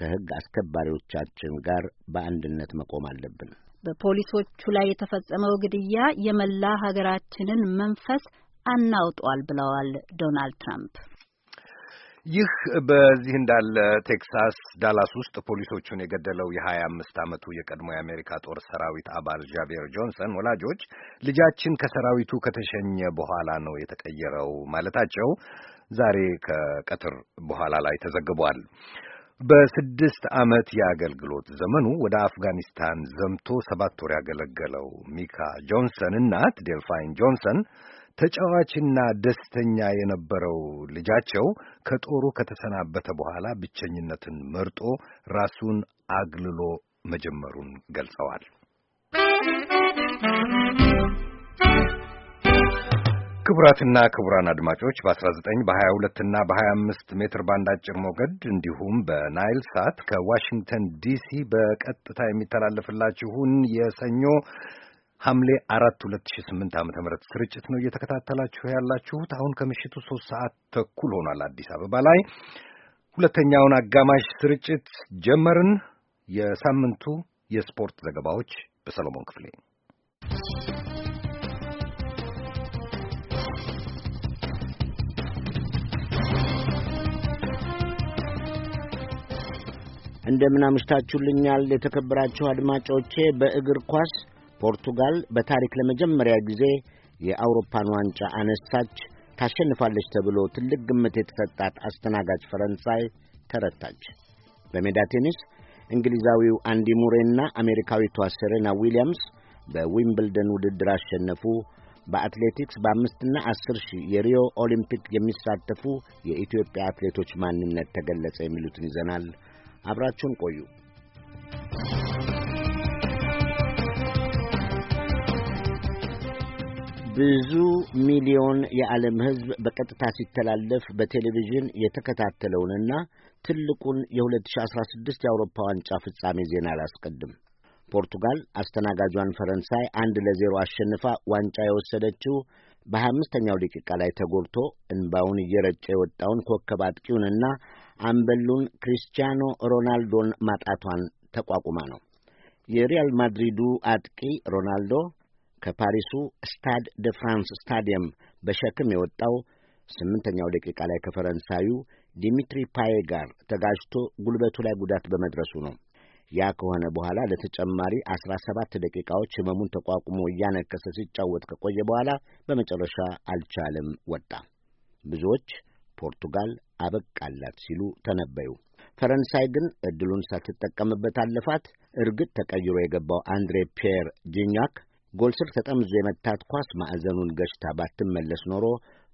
Speaker 7: ከሕግ አስከባሪዎቻችን ጋር በአንድነት መቆም አለብን።
Speaker 6: በፖሊሶቹ ላይ የተፈጸመው ግድያ የመላ ሀገራችንን መንፈስ አናውጧል ብለዋል ዶናልድ ትራምፕ።
Speaker 2: ይህ በዚህ እንዳለ ቴክሳስ ዳላስ ውስጥ ፖሊሶቹን የገደለው የሀያ አምስት ዓመቱ የቀድሞ የአሜሪካ ጦር ሰራዊት አባል ዣቪየር ጆንሰን ወላጆች ልጃችን ከሰራዊቱ ከተሸኘ በኋላ ነው የተቀየረው ማለታቸው ዛሬ ከቀትር በኋላ ላይ ተዘግቧል። በስድስት ዓመት የአገልግሎት ዘመኑ ወደ አፍጋኒስታን ዘምቶ ሰባት ወር ያገለገለው ሚካ ጆንሰን እናት ዴልፋይን ጆንሰን ተጫዋችና ደስተኛ የነበረው ልጃቸው ከጦሩ ከተሰናበተ በኋላ ብቸኝነትን መርጦ ራሱን አግልሎ መጀመሩን ገልጸዋል። ክቡራትና ክቡራን አድማጮች በ19 በ22 እና በ25 ሜትር ባንድ አጭር ሞገድ እንዲሁም በናይል ሳት ከዋሽንግተን ዲሲ በቀጥታ የሚተላለፍላችሁን የሰኞ ሐምሌ አራት ሁለት ስምንት ዓመተ ምህረት ስርጭት ነው እየተከታተላችሁ ያላችሁት። አሁን ከምሽቱ ሶስት ሰዓት ተኩል ሆኗል አዲስ አበባ ላይ። ሁለተኛውን አጋማሽ ስርጭት ጀመርን። የሳምንቱ የስፖርት ዘገባዎች በሰሎሞን ክፍሌ
Speaker 7: እንደምን አምሽታችሁልኛል የተከበራችሁ አድማጮቼ። በእግር ኳስ ፖርቱጋል በታሪክ ለመጀመሪያ ጊዜ የአውሮፓን ዋንጫ አነሳች። ታሸንፋለች ተብሎ ትልቅ ግምት የተሰጣት አስተናጋጅ ፈረንሳይ ተረታች። በሜዳ ቴኒስ እንግሊዛዊው አንዲ ሙሬና አሜሪካዊቷ ሴሬና ዊሊያምስ በዊምብልደን ውድድር አሸነፉ። በአትሌቲክስ በአምስትና አስር ሺህ የሪዮ ኦሊምፒክ የሚሳተፉ የኢትዮጵያ አትሌቶች ማንነት ተገለጸ። የሚሉትን ይዘናል። አብራችሁን ቆዩ። ብዙ ሚሊዮን የዓለም ሕዝብ በቀጥታ ሲተላለፍ በቴሌቪዥን የተከታተለውንና ትልቁን የ2016 የአውሮፓ ዋንጫ ፍጻሜ ዜና አላስቀድም። ፖርቱጋል አስተናጋጇን ፈረንሳይ አንድ ለዜሮ አሸንፋ ዋንጫ የወሰደችው በሀያ አምስተኛው ደቂቃ ላይ ተጎድቶ እንባውን እየረጨ የወጣውን ኮከብ አጥቂውንና አምበሉን ክሪስቲያኖ ሮናልዶን ማጣቷን ተቋቁማ ነው። የሪያል ማድሪዱ አጥቂ ሮናልዶ ከፓሪሱ ስታድ ደ ፍራንስ ስታዲየም በሸክም የወጣው ስምንተኛው ደቂቃ ላይ ከፈረንሳዩ ዲሚትሪ ፓዬ ጋር ተጋጅቶ ጉልበቱ ላይ ጉዳት በመድረሱ ነው። ያ ከሆነ በኋላ ለተጨማሪ አስራ ሰባት ደቂቃዎች ህመሙን ተቋቁሞ እያነከሰ ሲጫወት ከቆየ በኋላ በመጨረሻ አልቻለም፣ ወጣ። ብዙዎች ፖርቱጋል አበቃላት ሲሉ ተነበዩ። ፈረንሳይ ግን እድሉን ሳትጠቀምበት አለፋት። እርግጥ ተቀይሮ የገባው አንድሬ ፒየር ጂኛክ ጎል ስር ተጠምዞ የመታት ኳስ ማዕዘኑን ገጭታ ባትመለስ ኖሮ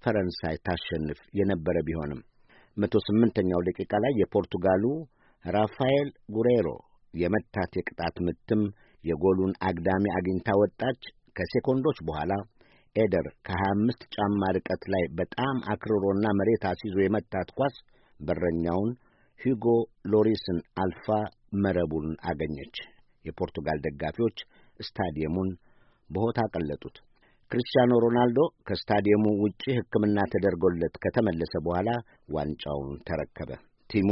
Speaker 7: ፈረንሳይ ታሸንፍ የነበረ ቢሆንም መቶ ስምንተኛው ደቂቃ ላይ የፖርቱጋሉ ራፋኤል ጉሬሮ የመታት የቅጣት ምትም የጎሉን አግዳሚ አግኝታ ወጣች። ከሴኮንዶች በኋላ ኤደር ከ25 ጫማ ርቀት ላይ በጣም አክርሮና መሬት አስይዞ የመታት ኳስ በረኛውን ሂጎ ሎሪስን አልፋ መረቡን አገኘች። የፖርቱጋል ደጋፊዎች ስታዲየሙን በሆታ ቀለጡት። ክርስቲያኖ ሮናልዶ ከስታዲየሙ ውጪ ሕክምና ተደርጎለት ከተመለሰ በኋላ ዋንጫውን ተረከበ። ቲሙ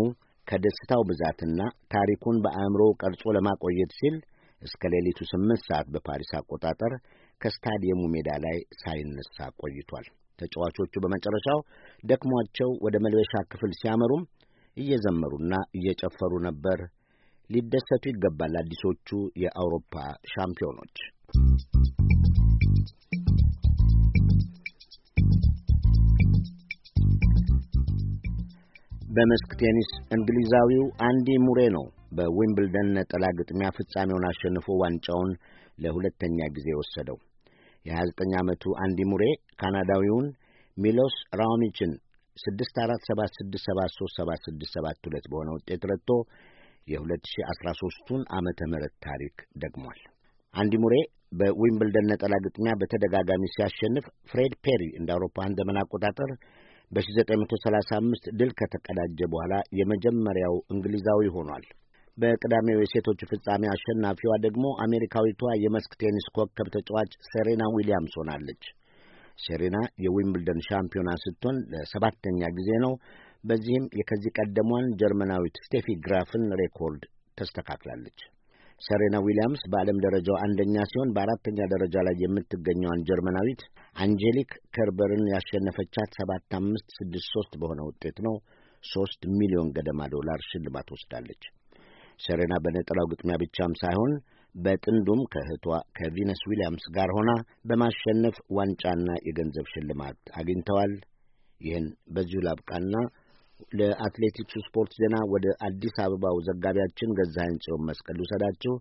Speaker 7: ከደስታው ብዛትና ታሪኩን በአእምሮ ቀርጾ ለማቆየት ሲል እስከ ሌሊቱ ስምንት ሰዓት በፓሪስ አቆጣጠር ከስታዲየሙ ሜዳ ላይ ሳይነሳ ቆይቷል። ተጫዋቾቹ በመጨረሻው ደክሟቸው ወደ መልበሻ ክፍል ሲያመሩም እየዘመሩና እየጨፈሩ ነበር። ሊደሰቱ ይገባል አዲሶቹ የአውሮፓ ሻምፒዮኖች። በመስክ ቴኒስ እንግሊዛዊው አንዲ ሙሬ ነው በዊምብልደን ነጠላ ግጥሚያ ፍጻሜውን አሸንፎ ዋንጫውን ለሁለተኛ ጊዜ ወሰደው። የ29 ዓመቱ አንዲ ሙሬ ካናዳዊውን ሚሎስ ራኦሚችን 6476737672 በሆነ ውጤት ረትቶ የ2013ቱን ዓመተ ምህረት ታሪክ ደግሟል። አንዲ ሙሬ በዊምብልደን ነጠላ ግጥሚያ በተደጋጋሚ ሲያሸንፍ ፍሬድ ፔሪ እንደ አውሮፓውያን ዘመን አቆጣጠር በ1935 ድል ከተቀዳጀ በኋላ የመጀመሪያው እንግሊዛዊ ሆኗል። በቅዳሜው የሴቶች ፍጻሜ አሸናፊዋ ደግሞ አሜሪካዊቷ የመስክ ቴኒስ ኮከብ ተጫዋች ሴሬና ዊሊያምስ ሆናለች። ሴሬና የዊምብልደን ሻምፒዮና ስትሆን ለሰባተኛ ጊዜ ነው። በዚህም የከዚህ ቀደሟን ጀርመናዊት ስቴፊ ግራፍን ሬኮርድ ተስተካክላለች። ሰሬና ዊሊያምስ በዓለም ደረጃው አንደኛ ሲሆን በአራተኛ ደረጃ ላይ የምትገኘዋን ጀርመናዊት አንጄሊክ ከርበርን ያሸነፈቻት ሰባት አምስት ስድስት ሶስት በሆነ ውጤት ነው። ሶስት ሚሊዮን ገደማ ዶላር ሽልማት ወስዳለች። ሰሬና በነጠላው ግጥሚያ ብቻም ሳይሆን በጥንዱም ከእህቷ ከቪነስ ዊሊያምስ ጋር ሆና በማሸነፍ ዋንጫና የገንዘብ ሽልማት አግኝተዋል። ይህን በዚሁ ላብቃና ለአትሌቲክሱ ስፖርት ዜና ወደ አዲስ አበባው ዘጋቢያችን ገዛኸኝ ጽዮን መስቀል ልውሰዳችሁ።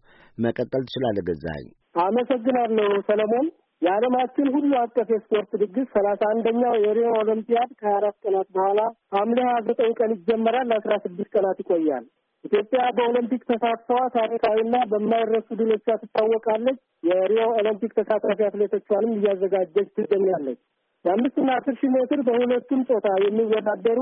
Speaker 7: መቀጠል ትችላለህ ገዛኸኝ።
Speaker 9: አመሰግናለሁ ሰለሞን። የዓለማችን ሁሉ አቀፍ የስፖርት ድግስ ሰላሳ አንደኛው የሪዮ ኦሎምፒያድ ከሀያ አራት ቀናት በኋላ ሐምሌ ሀያ ዘጠኝ ቀን ይጀመራል። አስራ ስድስት ቀናት ይቆያል። ኢትዮጵያ በኦሎምፒክ ተሳትፏ ታሪካዊና በማይረሱ ድሎቿ ትታወቃለች። የሪዮ ኦሎምፒክ ተሳታፊ አትሌቶቿንም እያዘጋጀች ትገኛለች። የአምስትና አስር ሺህ ሜትር በሁለቱም ጾታ የሚወዳደሩ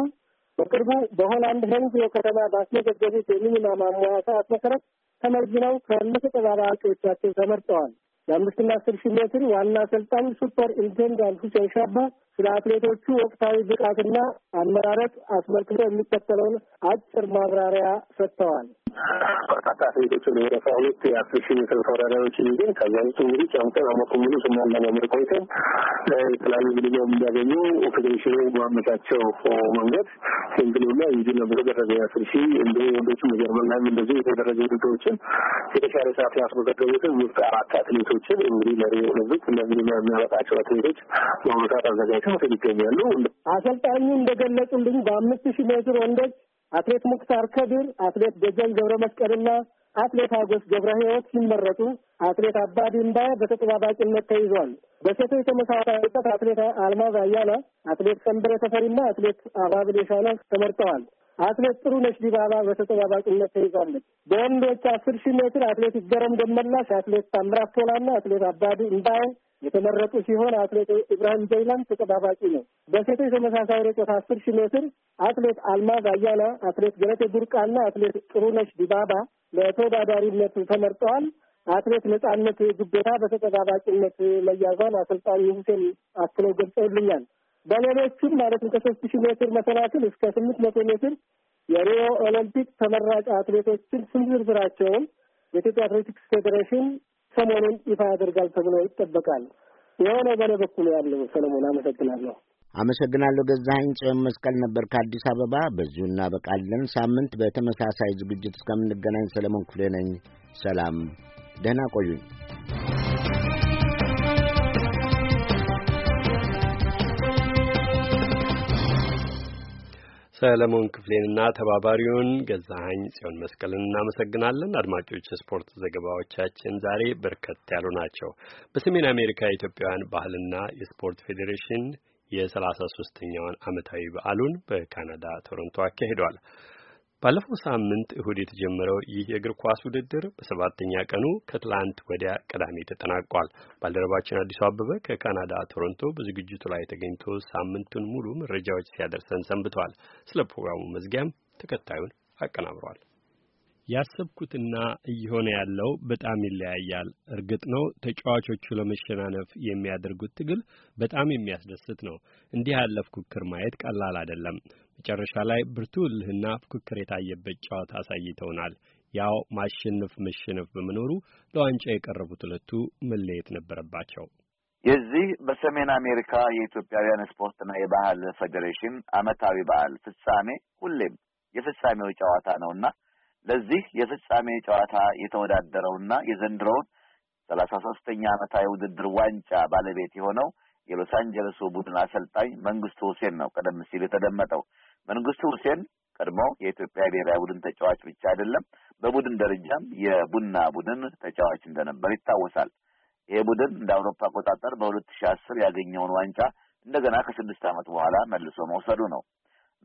Speaker 9: በቅርቡ በሆላንድ ህንግ ከተማ ባስመዘገቡት የሚኒማ ማሟያ ሰዓት መሰረት ተመዝነው ከምክትል አባቂዎቻቸው ተመርጠዋል። የአምስትና አስር ሺህ ሜትር ዋና አሰልጣኝ ሱፐር ኢንቴንዳንት ሁሴን ሻባ ስለ አትሌቶቹ ወቅታዊ ብቃትና አመራረጥ አስመልክቶ የሚከተለውን አጭር ማብራሪያ ሰጥተዋል።
Speaker 10: በርካታ አትሌቶችን ወደ ሁለት የአስር ሺህ ተወዳዳሪዎች ተወዳዳሪዎችን ይዘን ከዚያ ውስጥ እንግዲህ ጨምቀ በመቶ ሙሉ ስሟን ለመምር ቆይተን የተለያዩ ግድያ እንዲያገኙ ፌዴሬሽኑ ማመቻቸው መንገድ ሲንግሉና እንጂ ነበር ደረገ የአስር ሺህ እንዲሁ ወንዶችም በጀርመን ላይም እንደዚህ የተደረገ ውድድሮችን የተሻለ ሰዓት ያስመዘገቡትን ውስጥ አራት አትሌቶችን እንግዲህ ለሪ ኦሎምፒክ ለሚኒማ የሚያበቃቸው አትሌቶች በአሁኑ ሰዓት አዘጋጅተው ይገኛሉ።
Speaker 9: አሰልጣኙ እንደገለጹልኝ በአምስት ሺ ሜትር ወንዶች አትሌት ሙክታር ከድር፣ አትሌት ደጀን ገብረ መስቀልና አትሌት አጎስ ገብረ ሕይወት ሲመረጡ አትሌት አባ እምባ በተጠባባቂነት ተይዟል። በሴቶች ተመሳሳይ ርቀት አትሌት አልማዝ አያና፣ አትሌት ሰንበረ ተፈሪና አትሌት አባብል የሻነ ተመርጠዋል። አትሌት ጥሩነሽ ዲባባ በተጠባባቂነት ተይዛለች። በወንዶች አስር ሺህ ሜትር አትሌት ገረም ደመላሽ፣ አትሌት ታምራት ቶላና አትሌት አባዱ እምባዬ የተመረጡ ሲሆን አትሌት ኢብራሂም ጀይላን ተጠባባቂ ነው። በሴቶች ተመሳሳይ ርቀት አስር ሺህ ሜትር አትሌት አልማዝ አያና፣ አትሌት ገለቴ ቡርቃና አትሌት ጥሩነሽ ዲባባ ለተወዳዳሪነት ተመርጠዋል። አትሌት ነጻነት ጉቤታ በተጠባባቂነት መያዟን አሰልጣኝ ሁሴን አክለው ገልጸውልኛል። በሌሎቹም ማለትም ከሶስት ሺህ ሜትር መሰናክል እስከ ስምንት መቶ ሜትር የሪዮ ኦሎምፒክ ተመራጭ አትሌቶችን ስም ዝርዝራቸውን የኢትዮጵያ አትሌቲክስ ፌዴሬሽን ሰሞኑን ይፋ ያደርጋል ተብሎ ይጠበቃል። የሆነ በእኔ በኩል ያለው ሰለሞን አመሰግናለሁ።
Speaker 7: አመሰግናለሁ። ገዛኸኝ ጽዮን መስቀል ነበር ከአዲስ አበባ። በዚሁ እናበቃለን። ሳምንት በተመሳሳይ ዝግጅት እስከምንገናኝ ሰለሞን ክፍሌ ነኝ። ሰላም፣ ደህና ቆዩኝ። ሰለሞን
Speaker 1: ክፍሌንና ተባባሪውን ገዛሀኝ ጽዮን መስቀልን እናመሰግናለን። አድማጮች፣ የስፖርት ዘገባዎቻችን ዛሬ በርከት ያሉ ናቸው። በሰሜን አሜሪካ የኢትዮጵያውያን ባህልና የስፖርት ፌዴሬሽን የሰላሳ ሶስተኛውን ዓመታዊ በዓሉን በካናዳ ቶሮንቶ አካሂዷል። ባለፈው ሳምንት እሁድ የተጀመረው ይህ የእግር ኳስ ውድድር በሰባተኛ ቀኑ ከትላንት ወዲያ ቅዳሜ ተጠናቋል። ባልደረባችን አዲሱ አበበ ከካናዳ ቶሮንቶ በዝግጅቱ ላይ ተገኝቶ ሳምንቱን ሙሉ መረጃዎች ሲያደርሰን ሰንብቷል። ስለ ፕሮግራሙ መዝጊያም ተከታዩን አቀናብሯል። ያሰብኩትና እየሆነ ያለው በጣም ይለያያል። እርግጥ ነው ተጫዋቾቹ ለመሸናነፍ የሚያደርጉት ትግል በጣም የሚያስደስት ነው። እንዲህ ያለ ፉክክር ማየት ቀላል አይደለም። መጨረሻ ላይ ብርቱ እልህና ፉክክር የታየበት ጨዋታ አሳይተውናል። ያው ማሸነፍ መሸነፍ በመኖሩ ለዋንጫ የቀረቡት ሁለቱ መለየት ነበረባቸው።
Speaker 11: የዚህ በሰሜን አሜሪካ የኢትዮጵያውያን ስፖርትና የባህል ፌዴሬሽን ዓመታዊ በዓል ፍጻሜ ሁሌም የፍጻሜው ጨዋታ ነውና ለዚህ የፍጻሜ ጨዋታ የተወዳደረውና የዘንድሮውን ሰላሳ ሶስተኛ ዓመታዊ ውድድር ዋንጫ ባለቤት የሆነው የሎስ አንጀለሱ ቡድን አሰልጣኝ መንግስቱ ሁሴን ነው። ቀደም ሲል የተደመጠው መንግስቱ ሁሴን ቀድሞ የኢትዮጵያ ብሔራዊ ቡድን ተጫዋች ብቻ አይደለም፣ በቡድን ደረጃም የቡና ቡድን ተጫዋች እንደነበር ይታወሳል። ይሄ ቡድን እንደ አውሮፓ አቆጣጠር በሁለት ሺህ አስር ያገኘውን ዋንጫ እንደገና ከስድስት ዓመት በኋላ መልሶ መውሰዱ ነው።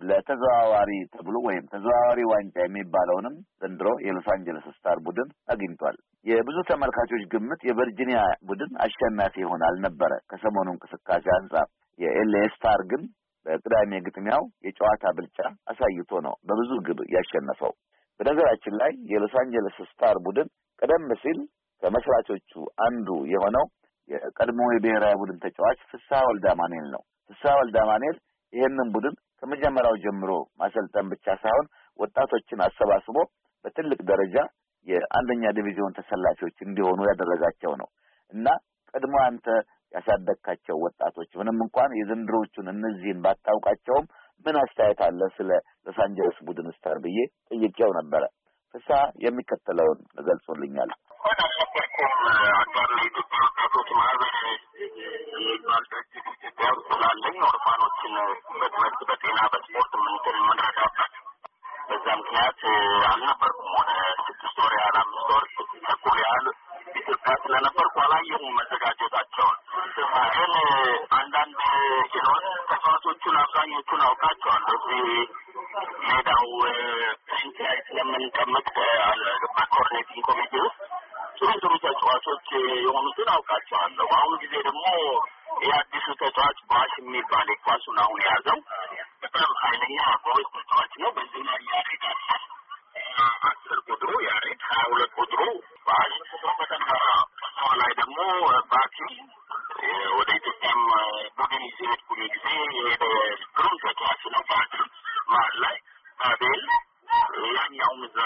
Speaker 11: ለተዘዋዋሪ ተብሎ ወይም ተዘዋዋሪ ዋንጫ የሚባለውንም ዘንድሮ የሎስ አንጀለስ ስታር ቡድን አግኝቷል። የብዙ ተመልካቾች ግምት የቨርጂኒያ ቡድን አሸናፊ ይሆናል ነበረ። ከሰሞኑ እንቅስቃሴ አንጻር የኤልኤ ስታር ግን በቅዳሜ ግጥሚያው የጨዋታ ብልጫ አሳይቶ ነው በብዙ ግብ ያሸነፈው። በነገራችን ላይ የሎስ አንጀለስ ስታር ቡድን ቀደም ሲል ከመስራቾቹ አንዱ የሆነው የቀድሞ የብሔራዊ ቡድን ተጫዋች ፍስሐ ወልዳ ማኔል ነው። ፍስሐ ወልዳ ማኔል ይህንን ቡድን ከመጀመሪያው ጀምሮ ማሰልጠን ብቻ ሳይሆን ወጣቶችን አሰባስቦ በትልቅ ደረጃ የአንደኛ ዲቪዚዮን ተሰላፊዎች እንዲሆኑ ያደረጋቸው ነው እና ቀድሞ አንተ ያሳደግካቸው ወጣቶች ምንም እንኳን የዘንድሮቹን እነዚህን ባታውቃቸውም ምን አስተያየት አለ ስለ ሎስ አንጀለስ ቡድን ስታር ብዬ ጠይቄው ነበረ። ፍስሀ የሚከተለውን ገልጾልኛል።
Speaker 10: አልነበርኩም አጋር ለኢትዮጵያ ወጣቶች ማህበር የሚባል ድርጅት ኢትዮጵያ ውስጥ ስላለኝ ኦርፋኖችን በትምህርት፣ በጤና፣ በስፖርት ምንትን የምንረዳባቸው በዛ ምክንያት አልነበርኩም። ወደ ስድስት ወር ያህል አምስት ወር ተኩል ያህል ኢትዮጵያ ስለነበርኩ አላየሁም መዘጋጀታቸውን። ግን አንዳንድ ሲሆን ተጫዋቾቹን አብዛኞቹን አውቃቸዋለሁ እዚህ ሜዳው ላይ ስለምንቀምጥ በኮርኔቲንግ ኮሚቴ ውስጥ ጥሩ ጥሩ ተጫዋቾች የሆኑትን አውቃቸዋለሁ። በአሁኑ ጊዜ ደግሞ የአዲሱ ተጫዋች ባሽ የሚባል የኳሱን አሁን የያዘው በጣም ኃይለኛ ጎበዝ ተጫዋች ነው። በዚህ ላይ ያሬድ አለ አስር ቁጥሩ ያሬድ፣ ሀያ ሁለት ቁጥሩ በአይ ቁጥሩ በጠንካራ ከሰዋ ላይ ደግሞ ባኪ ወደ ኢትዮጵያም ቡድን ይዤ ሄድኩኝ ጊዜ የሄደ ግሩም ተጫዋች ነው። ባኪ መሀል ላይ ባቤል ያኛውም እዛ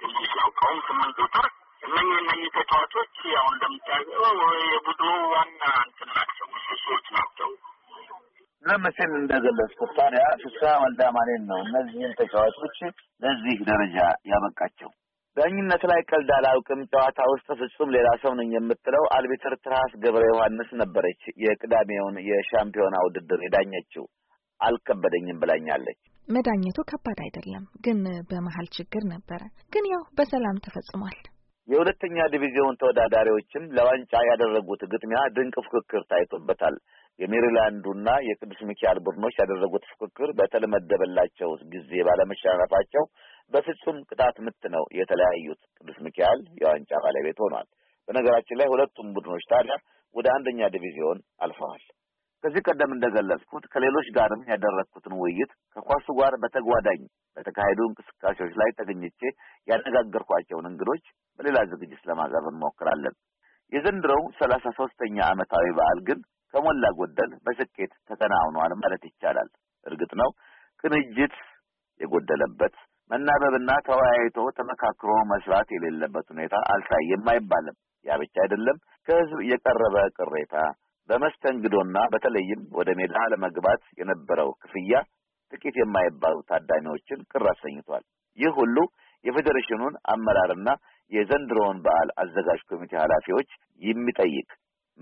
Speaker 10: ትንሽ ያውቀውም ስምንት ቁጥር እነኝ እነኝ ተጫዋቾች ያው እንደምታየው የቡድኑ ዋና እንትን ናቸው፣ ምሰሶዎች ናቸው። ለመቼም እንደገለጽኩት ታዲያ ፍስሐ ወልዳ ነው
Speaker 11: እነዚህን ተጫዋቾች ለዚህ ደረጃ ያበቃቸው። ዳኝነት ላይ ቀልድ አላውቅም፣ ጨዋታ ውስጥ ፍጹም ሌላ ሰው ነኝ የምትለው አልቢትር ትራስ ገብረ ዮሐንስ ነበረች። የቅዳሜውን የሻምፒዮና ውድድር የዳኘችው አልከበደኝም ብላኛለች።
Speaker 6: መዳኘቱ ከባድ አይደለም፣ ግን በመሀል ችግር ነበረ። ግን ያው በሰላም ተፈጽሟል።
Speaker 11: የሁለተኛ ዲቪዚዮን ተወዳዳሪዎችም ለዋንጫ ያደረጉት ግጥሚያ ድንቅ ፉክክር ታይቶበታል። የሜሪላንዱና የቅዱስ ሚካኤል ቡድኖች ያደረጉት ፉክክር በተለመደበላቸው ጊዜ ባለመሸነፋቸው በፍጹም ቅጣት ምት ነው የተለያዩት። ቅዱስ ሚካኤል የዋንጫ ባለቤት ሆኗል። በነገራችን ላይ ሁለቱም ቡድኖች ታዲያ ወደ አንደኛ ዲቪዚዮን አልፈዋል። ከዚህ ቀደም እንደገለጽኩት ከሌሎች ጋርም ያደረግኩትን ውይይት ከኳሱ ጋር በተጓዳኝ በተካሄዱ እንቅስቃሴዎች ላይ ተገኝቼ ያነጋገርኳቸውን እንግዶች በሌላ ዝግጅት ለማቅረብ እንሞክራለን። የዘንድሮው ሰላሳ ሶስተኛ ዓመታዊ በዓል ግን ከሞላ ጎደል በስኬት ተከናውኗል ማለት ይቻላል። እርግጥ ነው ቅንጅት የጎደለበት መናበብና ተወያይቶ ተመካክሮ መስራት የሌለበት ሁኔታ አልታየም አይባልም። ያ ብቻ አይደለም። ከህዝብ የቀረበ ቅሬታ፣ በመስተንግዶና በተለይም ወደ ሜዳ ለመግባት የነበረው ክፍያ ጥቂት የማይባሉ ታዳሚዎችን ቅር አሰኝቷል። ይህ ሁሉ የፌዴሬሽኑን አመራርና የዘንድሮውን በዓል አዘጋጅ ኮሚቴ ኃላፊዎች የሚጠይቅ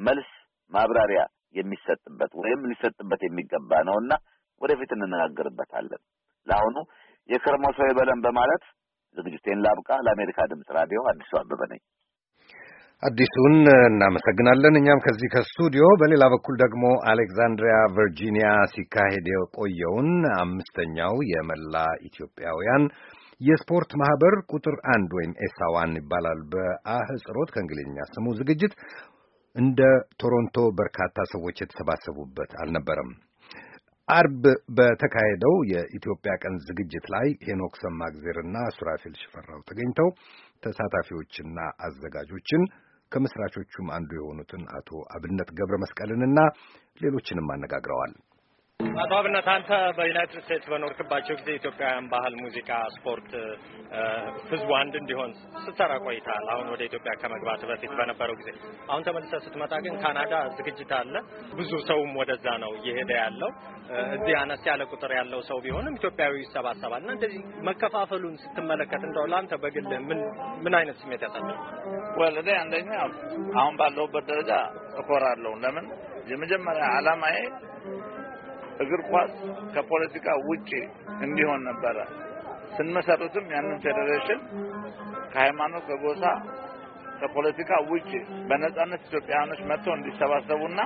Speaker 11: መልስ ማብራሪያ የሚሰጥበት ወይም ሊሰጥበት የሚገባ ነው እና ወደፊት እንነጋገርበታለን። ለአሁኑ የከርሞ ሰው ይበለን በማለት ዝግጅቴን ላብቃ። ለአሜሪካ ድምፅ ራዲዮ አዲሱ አበበ
Speaker 2: ነኝ። አዲሱን እናመሰግናለን። እኛም ከዚህ ከስቱዲዮ። በሌላ በኩል ደግሞ አሌክዛንድሪያ ቨርጂኒያ ሲካሄድ የቆየውን አምስተኛው የመላ ኢትዮጵያውያን የስፖርት ማህበር ቁጥር አንድ ወይም ኤሳዋን ይባላል በአህጽሮት ከእንግሊዝኛ ስሙ ዝግጅት እንደ ቶሮንቶ በርካታ ሰዎች የተሰባሰቡበት አልነበረም። አርብ በተካሄደው የኢትዮጵያ ቀን ዝግጅት ላይ ሄኖክ ሰማግዜርና ሱራፌል ሽፈራው ተገኝተው ተሳታፊዎችና አዘጋጆችን ከመስራቾቹም አንዱ የሆኑትን አቶ አብነት ገብረ መስቀልንና ሌሎችንም አነጋግረዋል።
Speaker 12: አቶ አንተ በዩናይትድ ስቴትስ በኖርክባቸው ጊዜ ኢትዮጵያውያን ባህል፣ ሙዚቃ፣ ስፖርት ህዝቡ አንድ እንዲሆን ስትሰራ ቆይታ አሁን ወደ ኢትዮጵያ ከመግባት በፊት በነበረው ጊዜ አሁን ተመልሰ ስትመጣ ግን ካናዳ ዝግጅት አለ፣ ብዙ ሰውም ወደዛ ነው እየሄደ ያለው። እዚህ አነስ ያለ ቁጥር ያለው ሰው ቢሆንም ኢትዮጵያዊ ይሰባሰባል እና እንደዚህ መከፋፈሉን ስትመለከት እንደው ለአንተ በግል ምን ምን አይነት ስሜት ያሳድራል? ወል እኔ አንደኛ አሁን ባለሁበት ደረጃ እኮራለሁ። ለምን የመጀመሪያ
Speaker 13: አላማዬ እግር ኳስ ከፖለቲካ ውጪ እንዲሆን ነበረ። ስንመሰርትም ያንን ፌዴሬሽን ከሃይማኖት፣ ከጎሳ፣ ከፖለቲካ ውጪ በነጻነት ኢትዮጵያውያኖች መጥተው እንዲሰባሰቡና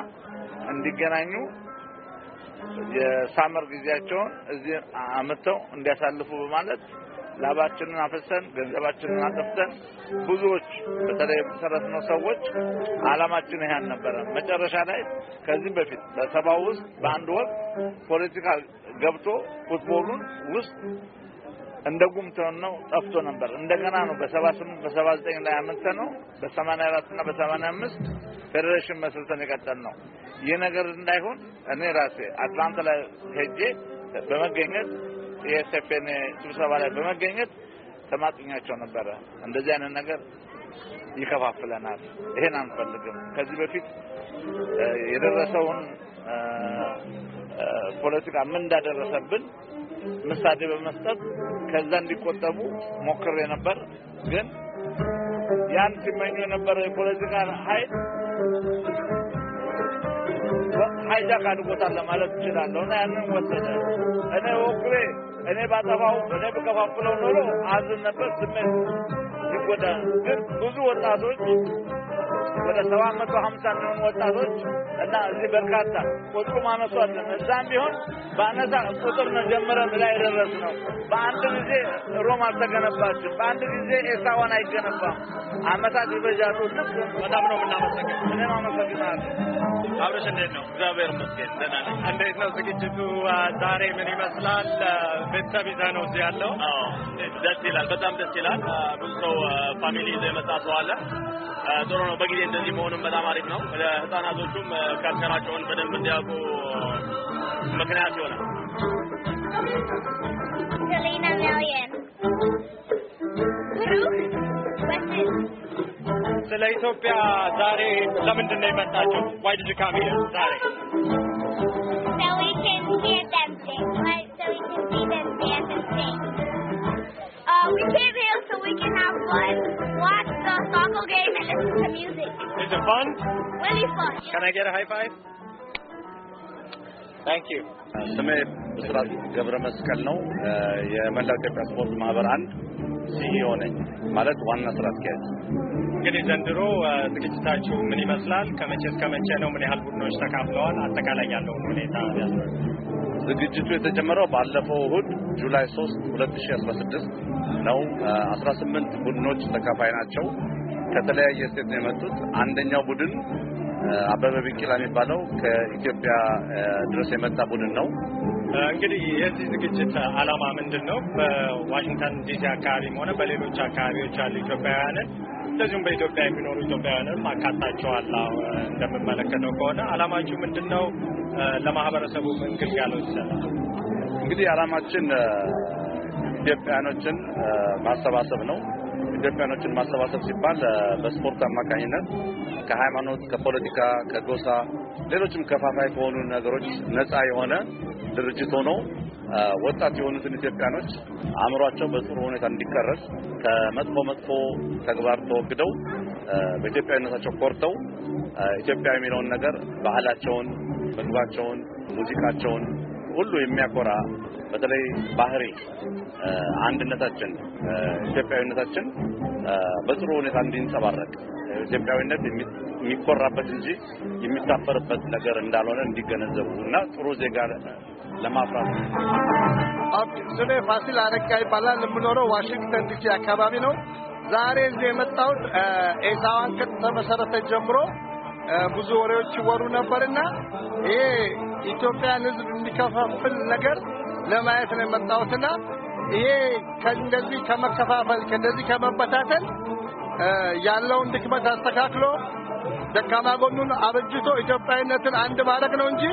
Speaker 13: እንዲገናኙ የሳመር ጊዜያቸውን እዚህ አመጥተው እንዲያሳልፉ በማለት ላባችንን አፍሰን ገንዘባችንን አጠፍተን ብዙዎች በተለይ የመሰረትነው ሰዎች አላማችን ይሄን ነበረ። መጨረሻ ላይ ከዚህ በፊት በሰባው ውስጥ በአንድ ወቅት ፖለቲካ ገብቶ ፉትቦሉን ውስጥ እንደ ጉምተን ነው ጠፍቶ ነበር። እንደገና ነው በ78 በ79 ላይ አመጣ ነው በ84 እና በ85 ፌዴሬሽን መስርተን የቀጠል ነው። ይህ ነገር እንዳይሆን እኔ ራሴ አትላንታ ላይ ሄጄ በመገኘት የኤስኤፍኤን ስብሰባ ላይ በመገኘት ተማጥኛቸው ነበረ። እንደዚህ አይነት ነገር ይከፋፍለናል፣ ይሄን አንፈልግም። ከዚህ በፊት
Speaker 4: የደረሰውን
Speaker 13: ፖለቲካ ምን እንዳደረሰብን ምሳሌ በመስጠት ከዛ እንዲቆጠቡ ሞክሬ ነበር። ግን ያን ሲመኙ የነበረ የፖለቲካ ኃይል ሃይጃክ አድርጎታል ለማለት እችላለሁ እና ያንን ወሰደ እኔ ወኩሬ እኔ ባጠፋው እኔ ብከፋፍለው ኖሮ አዝን ነበር፣ ስሜት ይጎዳል። ግን ብዙ ወጣቶች ወደ ሰባት መቶ ሀምሳ የሚሆኑ ወጣቶች እና እዚህ በርካታ ቁጥሩ ማነሱ አለን። እዛም ቢሆን በአነሳ ቁጥር ነው ጀምረን ላይ የደረስ ነው። በአንድ ጊዜ ሮም አልተገነባችም። በአንድ ጊዜ ኤሳዋን አይገነባም። አመታት ይበዣሉ። ልክ በጣም ነው የምናመሰግን። እኔም አመሰግናለሁ።
Speaker 12: አብረሽ እንዴት ነው? እግዚአብሔር ይመስገን ደህና ነኝ። እንዴት ነው ዝግጅቱ ዛሬ ምን ይመስላል? ቤተሰብ ይዘህ ነው እዚህ ያለው? ደስ ይላል፣ በጣም ደስ ይላል። ብዙ ሰው ፋሚሊ ይዘህ የመጣ ሰው
Speaker 13: አለ። ጥሩ ነው። በጊዜ እንደዚህ መሆኑም በጣም አሪፍ ነው። ለህፃናቶቹም ካልቸራቸውን በደንብ እንዲያውቁ ምክንያት ይሆናል።
Speaker 4: Selena Million.
Speaker 12: ስለ ኢትዮጵያ ዛሬ ለምንድን ነው የመጣችው? ዋይድ ዲድ ዛሬ?
Speaker 8: we came here so we can have fun, watch the soccer game, and listen to music. Is it fun? Really fun. Can I get a high five? Thank
Speaker 12: you. ስሜ ብስራት ገብረ መስቀል ነው። የመላው ኢትዮጵያ ስፖርት ማህበር አንድ ሲኢኦ ነኝ፣ ማለት ዋና ስራ አስኪያጅ። እንግዲህ ዘንድሮ ዝግጅታችሁ ምን ይመስላል? ከመቼ እስከ መቼ ነው? ምን ያህል ቡድኖች ተካፍለዋል? አጠቃላይ ያለውን ሁኔታ ዝግጅቱ የተጀመረው ባለፈው እሁድ ጁላይ 3 2016 ነው። 18 ቡድኖች ተካፋይ ናቸው። ከተለያየ ስቴት ነው የመጡት። አንደኛው ቡድን አበበ ቢቂላ የሚባለው ከኢትዮጵያ ድረስ የመጣ ቡድን ነው። እንግዲህ የዚህ ዝግጅት ዓላማ ምንድን ነው? በዋሽንግተን ዲሲ አካባቢም ሆነ በሌሎች አካባቢዎች ያሉ ኢትዮጵያውያንን እንደዚሁም በኢትዮጵያ የሚኖሩ ኢትዮጵያውያንም አካታቸዋል። እንደምመለከተው ከሆነ ዓላማችሁ ምንድን ነው? ለማህበረሰቡ ምን ግልጋሎት ይሰጣል? እንግዲህ አላማችን ኢትዮጵያኖችን ማሰባሰብ ነው። ኢትዮጵያኖችን ማሰባሰብ ሲባል በስፖርት አማካኝነት ከሃይማኖት፣ ከፖለቲካ፣ ከጎሳ ሌሎችም ከፋፋይ ከሆኑ ነገሮች ነፃ የሆነ ድርጅት ሆኖ ወጣት የሆኑትን ኢትዮጵያኖች አእምሯቸው በጥሩ ሁኔታ እንዲቀረጽ ከመጥፎ መጥፎ ተግባር ተወግደው በኢትዮጵያዊነታቸው ኮርተው ኢትዮጵያ የሚለውን ነገር ባህላቸውን ምግባቸውን፣ ሙዚቃቸውን ሁሉ የሚያኮራ በተለይ ባህሪ አንድነታችን፣ ኢትዮጵያዊነታችን በጥሩ ሁኔታ እንዲንጸባረቅ ኢትዮጵያዊነት የሚኮራበት እንጂ የሚታፈርበት ነገር እንዳልሆነ እንዲገነዘቡ እና ጥሩ ዜጋ ለማፍራት ስሜ ፋሲል አረጋ ይባላል። የምኖረው ዋሽንግተን ዲሲ አካባቢ ነው። ዛሬ እዚህ የመጣሁት ኤሳዋን ከተመሰረተ ጀምሮ ብዙ ወሬዎች ይወሩ ነበርና ይሄ ኢትዮጵያን ሕዝብ የሚከፋፍል ነገር ለማየት ነው የመጣሁትና ይሄ ከእንደዚህ ከመከፋፈል ከእንደዚህ ከመበታተን ያለውን ድክመት አስተካክሎ ደካማ ጎኑን አበጅቶ ኢትዮጵያዊነትን አንድ ማድረግ ነው እንጂ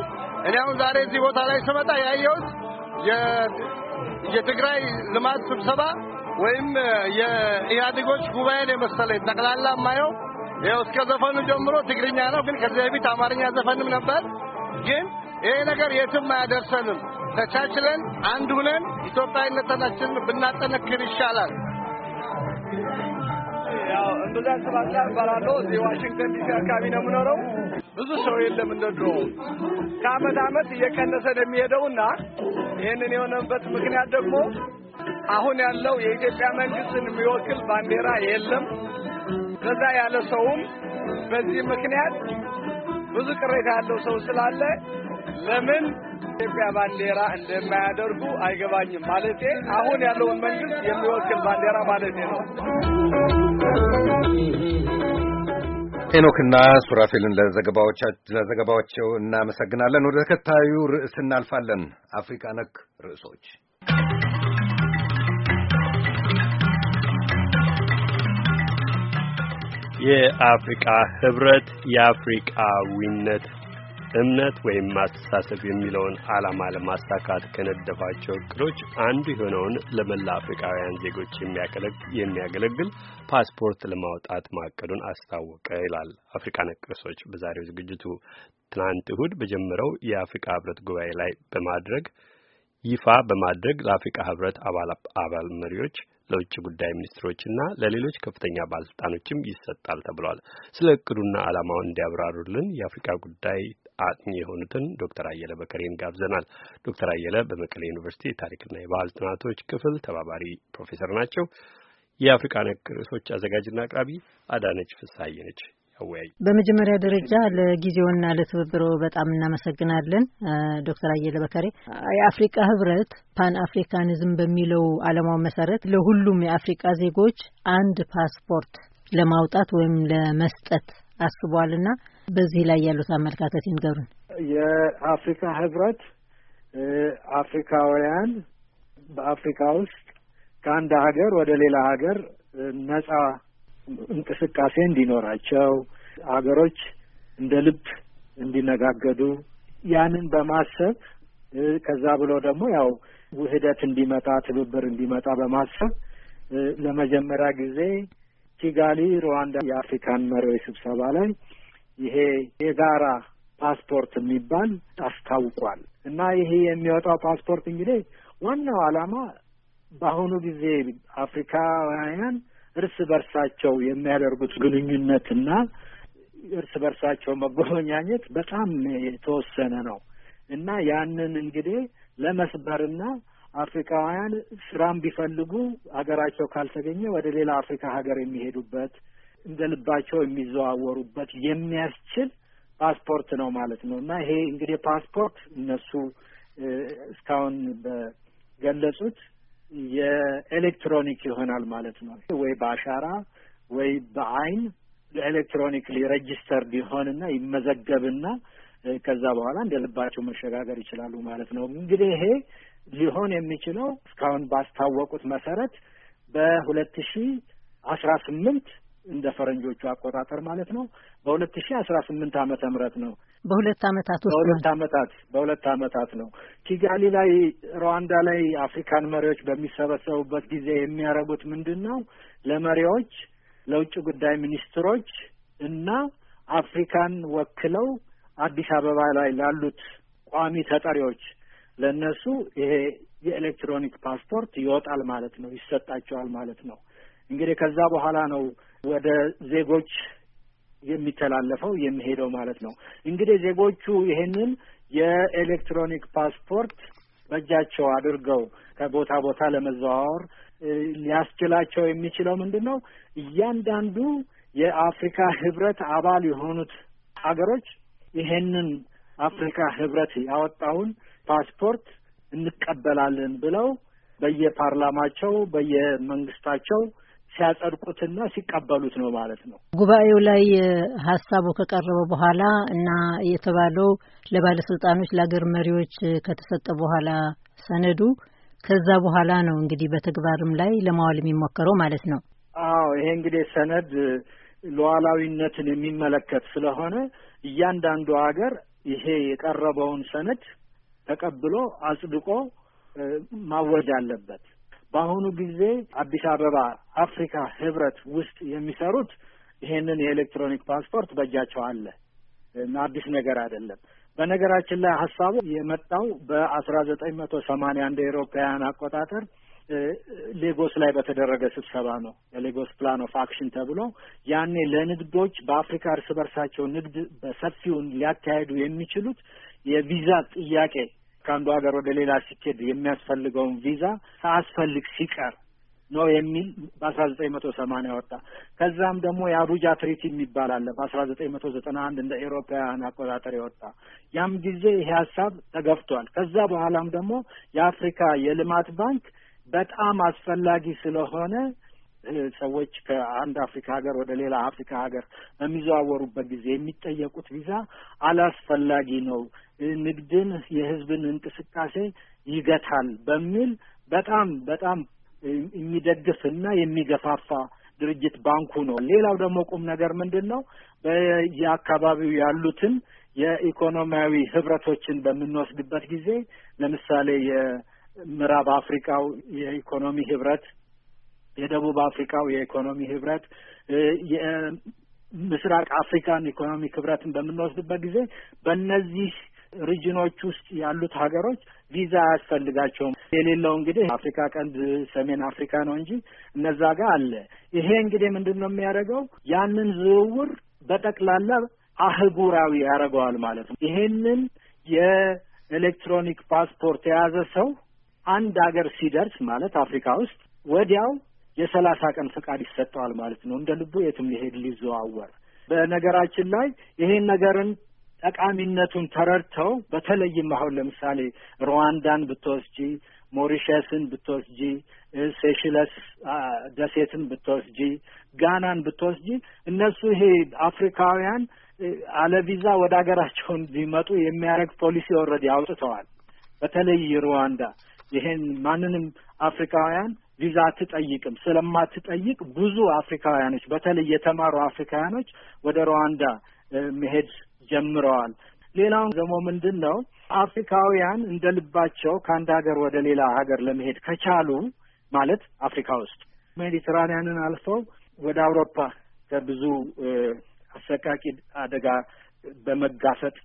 Speaker 12: እኔ አሁን ዛሬ እዚህ ቦታ ላይ ስመጣ ያየሁት የትግራይ ልማት ስብሰባ ወይም የኢህአዴጎች ጉባኤን የመሰለኝ ጠቅላላ ማየው ይኸው እስከ ዘፈኑ ጀምሮ ትግርኛ ነው፣ ግን ከዚህ በፊት አማርኛ ዘፈንም ነበር። ግን ይሄ ነገር የትም አያደርሰንም። ተቻችለን አንድ ሁነን ኢትዮጵያዊነታችንን ብናጠነክር ይሻላል።
Speaker 13: ያው እንብዛን
Speaker 12: እዚህ ዋሽንግተን ዲሲ አካባቢ ነው የምኖረው። ብዙ ሰው የለም እንደ ድሮ። ከአመት አመት እየቀነሰ ነው የሚሄደውና ይህንን የሆነበት ምክንያት ደግሞ አሁን ያለው የኢትዮጵያ መንግስትን የሚወክል ባንዲራ የለም።
Speaker 13: በዛ ያለ ሰውም በዚህ ምክንያት ብዙ ቅሬታ ያለው ሰው ስላለ ለምን ኢትዮጵያ ባንዲራ እንደማያደርጉ አይገባኝም። ማለቴ አሁን ያለውን መንግስት የሚወክል ባንዲራ ማለቴ ነው።
Speaker 2: ሄኖክና ሱራፌልን ለዘገባዎቻቸው እናመሰግናለን። ወደ ተከታዩ ርዕስ እናልፋለን። አፍሪካ ነክ ርዕሶች
Speaker 1: የአፍሪቃ ህብረት የአፍሪቃዊነት እምነት ወይም አስተሳሰብ የሚለውን ዓላማ ለማሳካት ከነደፋቸው እቅዶች አንዱ የሆነውን ለመላ አፍሪካውያን ዜጎች የሚያገለግል ፓስፖርት ለማውጣት ማቀዱን አስታወቀ ይላል አፍሪካ ነክ በዛሬው ዝግጅቱ ትናንት እሁድ በጀመረው የአፍሪካ ህብረት ጉባኤ ላይ በማድረግ ይፋ በማድረግ ለአፍሪካ ህብረት አባል መሪዎች ለውጭ ጉዳይ ሚኒስትሮችና ለሌሎች ከፍተኛ ባለስልጣኖችም ይሰጣል ተብሏል። ስለ እቅዱና ዓላማው እንዲያብራሩልን የአፍሪካ ጉዳይ አጥኚ የሆኑትን ዶክተር አየለ በከሬን ጋብዘናል። ዶክተር አየለ በመቀሌ ዩኒቨርሲቲ የታሪክና የባህል ጥናቶች ክፍል ተባባሪ ፕሮፌሰር ናቸው። የአፍሪካ ነክ ርዕሶች አዘጋጅና አቅራቢ አዳነች ፍስሐዬ ነች። ያወያይ።
Speaker 14: በመጀመሪያ ደረጃ ለጊዜውና ለትብብሮ በጣም እናመሰግናለን ዶክተር አየለ በከሬ። የአፍሪቃ ህብረት ፓን አፍሪካኒዝም በሚለው አለማው መሰረት ለሁሉም የአፍሪቃ ዜጎች አንድ ፓስፖርት ለማውጣት ወይም ለመስጠት አስቧልና በዚህ ላይ ያሉት አመለካከት ይንገሩን።
Speaker 15: የአፍሪካ ህብረት አፍሪካውያን በአፍሪካ ውስጥ ከአንድ ሀገር ወደ ሌላ ሀገር ነጻ እንቅስቃሴ እንዲኖራቸው አገሮች እንደ ልብ እንዲነጋገዱ ያንን በማሰብ ከዛ ብሎ ደግሞ ያው ውህደት እንዲመጣ ትብብር እንዲመጣ በማሰብ ለመጀመሪያ ጊዜ ኪጋሊ ሩዋንዳ የአፍሪካን መሪዎች ስብሰባ ላይ ይሄ የጋራ ፓስፖርት የሚባል አስታውቋል። እና ይሄ የሚወጣው ፓስፖርት እንግዲህ ዋናው ዓላማ በአሁኑ ጊዜ አፍሪካውያን እርስ በርሳቸው የሚያደርጉት ግንኙነትና እርስ በርሳቸው መጎበኛኘት በጣም የተወሰነ ነው እና ያንን እንግዲህ ለመስበርና አፍሪካውያን ስራም ቢፈልጉ ሀገራቸው ካልተገኘ ወደ ሌላ አፍሪካ ሀገር የሚሄዱበት እንደ ልባቸው የሚዘዋወሩበት የሚያስችል ፓስፖርት ነው ማለት ነው እና ይሄ እንግዲህ ፓስፖርት እነሱ እስካሁን በገለጹት የኤሌክትሮኒክ ይሆናል ማለት ነው ወይ በአሻራ ወይ በአይን ኤሌክትሮኒክሊ ሬጂስተር ይሆንና ይመዘገብና ከዛ በኋላ እንደ ልባቸው መሸጋገር ይችላሉ ማለት ነው። እንግዲህ ይሄ ሊሆን የሚችለው እስካሁን ባስታወቁት መሰረት በሁለት ሺ አስራ ስምንት እንደ ፈረንጆቹ አቆጣጠር ማለት ነው። በሁለት ሺ አስራ ስምንት አመተ ምህረት ነው።
Speaker 14: በሁለት ዓመታት ውስጥ በሁለት
Speaker 15: አመታት በሁለት አመታት ነው። ኪጋሊ ላይ ሩዋንዳ ላይ አፍሪካን መሪዎች በሚሰበሰቡበት ጊዜ የሚያደርጉት ምንድን ነው? ለመሪዎች፣ ለውጭ ጉዳይ ሚኒስትሮች እና አፍሪካን ወክለው አዲስ አበባ ላይ ላሉት ቋሚ ተጠሪዎች ለእነሱ ይሄ የኤሌክትሮኒክ ፓስፖርት ይወጣል ማለት ነው፣ ይሰጣቸዋል ማለት ነው። እንግዲህ ከዛ በኋላ ነው ወደ ዜጎች የሚተላለፈው የሚሄደው ማለት ነው። እንግዲህ ዜጎቹ ይሄንን የኤሌክትሮኒክ ፓስፖርት በእጃቸው አድርገው ከቦታ ቦታ ለመዘዋወር ሊያስችላቸው የሚችለው ምንድን ነው? እያንዳንዱ የአፍሪካ ህብረት አባል የሆኑት አገሮች ይሄንን አፍሪካ ህብረት ያወጣውን ፓስፖርት እንቀበላለን ብለው በየፓርላማቸው በየመንግስታቸው ሲያጸድቁትና ሲቀበሉት ነው ማለት ነው።
Speaker 14: ጉባኤው ላይ ሀሳቡ ከቀረበ በኋላ እና የተባለው ለባለስልጣኖች ለአገር መሪዎች ከተሰጠ በኋላ ሰነዱ ከዛ በኋላ ነው እንግዲህ በተግባርም ላይ ለማዋል የሚሞከረው ማለት ነው።
Speaker 15: አዎ ይሄ እንግዲህ ሰነድ ሉዓላዊነትን የሚመለከት ስለሆነ እያንዳንዱ ሀገር ይሄ የቀረበውን ሰነድ ተቀብሎ አጽድቆ ማወጅ አለበት። በአሁኑ ጊዜ አዲስ አበባ አፍሪካ ህብረት ውስጥ የሚሰሩት ይሄንን የኤሌክትሮኒክ ፓስፖርት በእጃቸው አለ እና አዲስ ነገር አይደለም። በነገራችን ላይ ሀሳቡ የመጣው በአስራ ዘጠኝ መቶ ሰማንያ አንድ የኤሮፓውያን አቆጣጠር ሌጎስ ላይ በተደረገ ስብሰባ ነው። የሌጎስ ፕላን ኦፍ አክሽን ተብሎ ያኔ ለንግዶች በአፍሪካ እርስ በርሳቸው ንግድ በሰፊውን ሊያካሄዱ የሚችሉት የቪዛ ጥያቄ ከአንዱ ሀገር ወደ ሌላ ሲኬድ የሚያስፈልገውን ቪዛ ሳያስፈልግ ሲቀር ነው የሚል በአስራ ዘጠኝ መቶ ሰማንያ ወጣ። ከዛም ደግሞ የአቡጃ ትሪቲ የሚባል አለ በአስራ ዘጠኝ መቶ ዘጠና አንድ እንደ ኤሮፓውያን አቆጣጠር የወጣ ያም ጊዜ ይሄ ሀሳብ ተገፍቷል። ከዛ በኋላም ደግሞ የአፍሪካ የልማት ባንክ በጣም አስፈላጊ ስለሆነ ሰዎች ከአንድ አፍሪካ ሀገር ወደ ሌላ አፍሪካ ሀገር በሚዘዋወሩበት ጊዜ የሚጠየቁት ቪዛ አላስፈላጊ ነው፣ ንግድን፣ የህዝብን እንቅስቃሴ ይገታል በሚል በጣም በጣም የሚደግፍ እና የሚገፋፋ ድርጅት ባንኩ ነው። ሌላው ደግሞ ቁም ነገር ምንድን ነው? በየአካባቢው ያሉትን የኢኮኖሚያዊ ህብረቶችን በምንወስድበት ጊዜ ለምሳሌ የምዕራብ አፍሪካው የኢኮኖሚ ህብረት የደቡብ አፍሪካው የኢኮኖሚ ህብረት የምስራቅ አፍሪካን ኢኮኖሚ ህብረትን በምንወስድበት ጊዜ በእነዚህ ሪጅኖች ውስጥ ያሉት ሀገሮች ቪዛ አያስፈልጋቸውም። የሌለው እንግዲህ አፍሪካ ቀንድ ሰሜን አፍሪካ ነው እንጂ እነዛ ጋር አለ። ይሄ እንግዲህ ምንድን ነው የሚያደርገው? ያንን ዝውውር በጠቅላላ አህጉራዊ ያደርገዋል ማለት ነው። ይሄንን የኤሌክትሮኒክ ፓስፖርት የያዘ ሰው አንድ ሀገር ሲደርስ ማለት አፍሪካ ውስጥ ወዲያው የሰላሳ ቀን ፍቃድ ይሰጠዋል ማለት ነው። እንደ ልቡ የትም ሊሄድ ሊዘዋወር። በነገራችን ላይ ይሄን ነገርን ጠቃሚነቱን ተረድተው በተለይም አሁን ለምሳሌ ሩዋንዳን ብትወስጂ፣ ሞሪሸስን ብትወስጂ፣ ሴሽለስ ደሴትን ብትወስጂ፣ ጋናን ብትወስጂ እነሱ ይሄ አፍሪካውያን አለቪዛ ወደ ሀገራቸው እንዲመጡ የሚያደርግ ፖሊሲ ኦልሬዲ አውጥተዋል። በተለይ ሩዋንዳ ይሄን ማንንም አፍሪካውያን ቪዛ አትጠይቅም። ስለማትጠይቅ ብዙ አፍሪካውያኖች በተለይ የተማሩ አፍሪካውያኖች ወደ ሩዋንዳ መሄድ ጀምረዋል። ሌላውን ደግሞ ምንድን ነው አፍሪካውያን እንደ ልባቸው ከአንድ ሀገር ወደ ሌላ ሀገር ለመሄድ ከቻሉ ማለት አፍሪካ ውስጥ ሜዲትራንያንን አልፈው ወደ አውሮፓ ከብዙ አሰቃቂ አደጋ በመጋፈጥ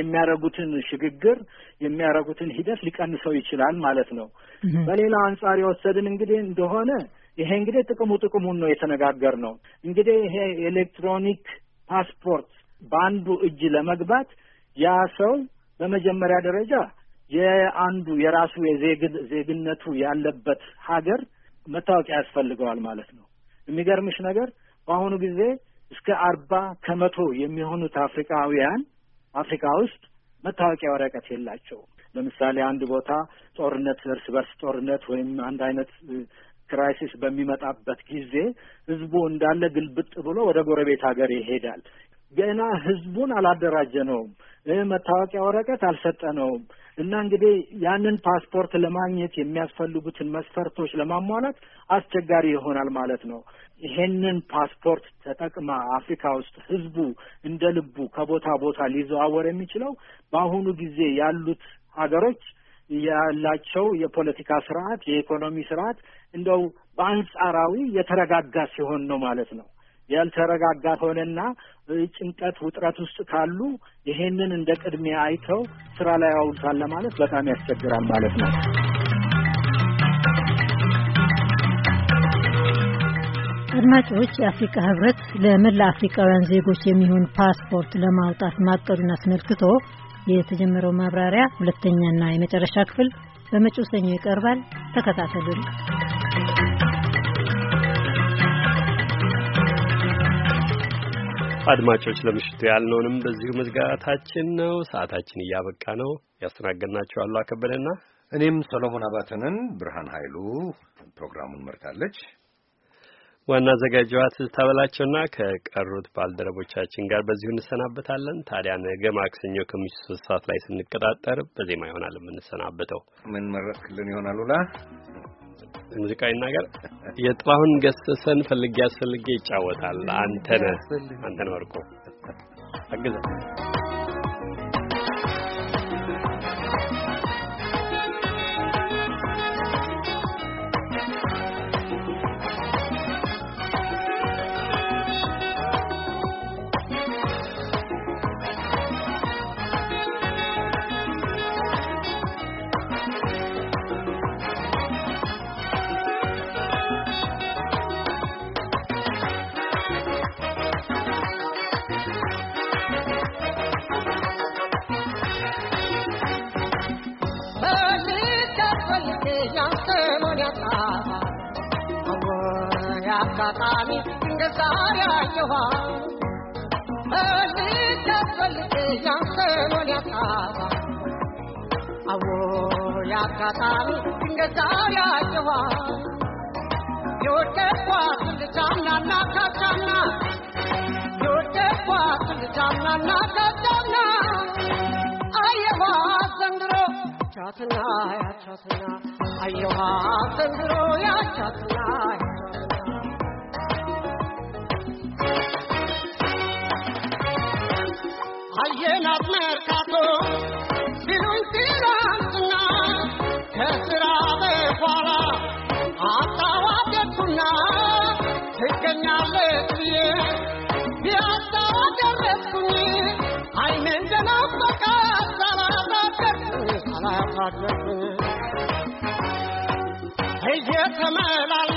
Speaker 15: የሚያደርጉትን ሽግግር የሚያደርጉትን ሂደት ሊቀንሰው ይችላል ማለት ነው። በሌላ አንጻር የወሰድን እንግዲህ እንደሆነ ይሄ እንግዲህ ጥቅሙ ጥቅሙን ነው የተነጋገር ነው። እንግዲህ ይሄ ኤሌክትሮኒክ ፓስፖርት በአንዱ እጅ ለመግባት ያ ሰው በመጀመሪያ ደረጃ የአንዱ የራሱ የዜግነቱ ያለበት ሀገር መታወቂያ ያስፈልገዋል ማለት ነው። የሚገርምሽ ነገር በአሁኑ ጊዜ እስከ አርባ ከመቶ የሚሆኑት አፍሪካውያን አፍሪካ ውስጥ መታወቂያ ወረቀት የላቸው ለምሳሌ አንድ ቦታ ጦርነት፣ እርስ በርስ ጦርነት ወይም አንድ አይነት ክራይሲስ በሚመጣበት ጊዜ ህዝቡ እንዳለ ግልብጥ ብሎ ወደ ጎረቤት ሀገር ይሄዳል። ገና ህዝቡን አላደራጀ ነውም መታወቂያ ወረቀት አልሰጠነውም እና እንግዲህ ያንን ፓስፖርት ለማግኘት የሚያስፈልጉትን መስፈርቶች ለማሟላት አስቸጋሪ ይሆናል ማለት ነው። ይሄንን ፓስፖርት ተጠቅማ አፍሪካ ውስጥ ህዝቡ እንደ ልቡ ከቦታ ቦታ ሊዘዋወር የሚችለው በአሁኑ ጊዜ ያሉት ሀገሮች ያላቸው የፖለቲካ ስርዓት፣ የኢኮኖሚ ስርዓት እንደው በአንጻራዊ የተረጋጋ ሲሆን ነው ማለት ነው። ያልተረጋጋ ከሆነና ጭንቀት፣ ውጥረት ውስጥ ካሉ ይሄንን እንደ ቅድሚያ አይተው ስራ ላይ ያውሉታል ለማለት በጣም ያስቸግራል ማለት ነው።
Speaker 14: አድማጮች፣ የአፍሪካ ህብረት ለመላ አፍሪካውያን ዜጎች የሚሆን ፓስፖርት ለማውጣት ማቀዱን አስመልክቶ የተጀመረው ማብራሪያ ሁለተኛና የመጨረሻ ክፍል በመጪው ሰኞ ይቀርባል። ተከታተሉን።
Speaker 1: አድማጮች ለምሽቱ ያልነውንም በዚሁ መዝጋታችን ነው። ሰዓታችን እያበቃ ነው። ያስተናገድናችሁ አሉ አከበደና እኔም ሰሎሞን አባተንን። ብርሃን ኃይሉ ፕሮግራሙን መርታለች። ዋና አዘጋጇ ትዝታ በላቸውና ከቀሩት ባልደረቦቻችን ጋር በዚሁ እንሰናበታለን። ታዲያ ነገ ማክሰኞ ከምሽቱ ሶስት ሰዓት ላይ ስንቀጣጠር በዜማ ይሆናል የምንሰናበተው። ምን መረጥክልን ይሆናል ሉላ? ሙዚቃ ይናገር የጥላሁን ገሰሰን ፈልጌ አስፈልጌ ይጫወታል። አንተነህ አንተነህ ወርቁ አግዘን
Speaker 8: አጋጣሚ ድንገት ዛሬ አየኋ መልክ ያስፈልጌ ያንተኖን ያጣኋ አዎ ያጋጣሚ ድንገት ዛሬ አየኋ የወደድኳትን ልጅ አምናና ካቻና የወደድኳትን ልጅ አየኋት ዘንድሮ ያቻትና ያቻትና አየኋት ዘንድሮ ያቻትና የናር መርካቶ ቢሉኝ ትናንትና ከስራ በኋላ አጣዋደኩና ትገኛለች ብዬ ቢያጣዋ ደረስኩኝ አይኔን ደናበቃ ሳላሳደርኩኝ ሳላሳደርኩኝ እየተመላለ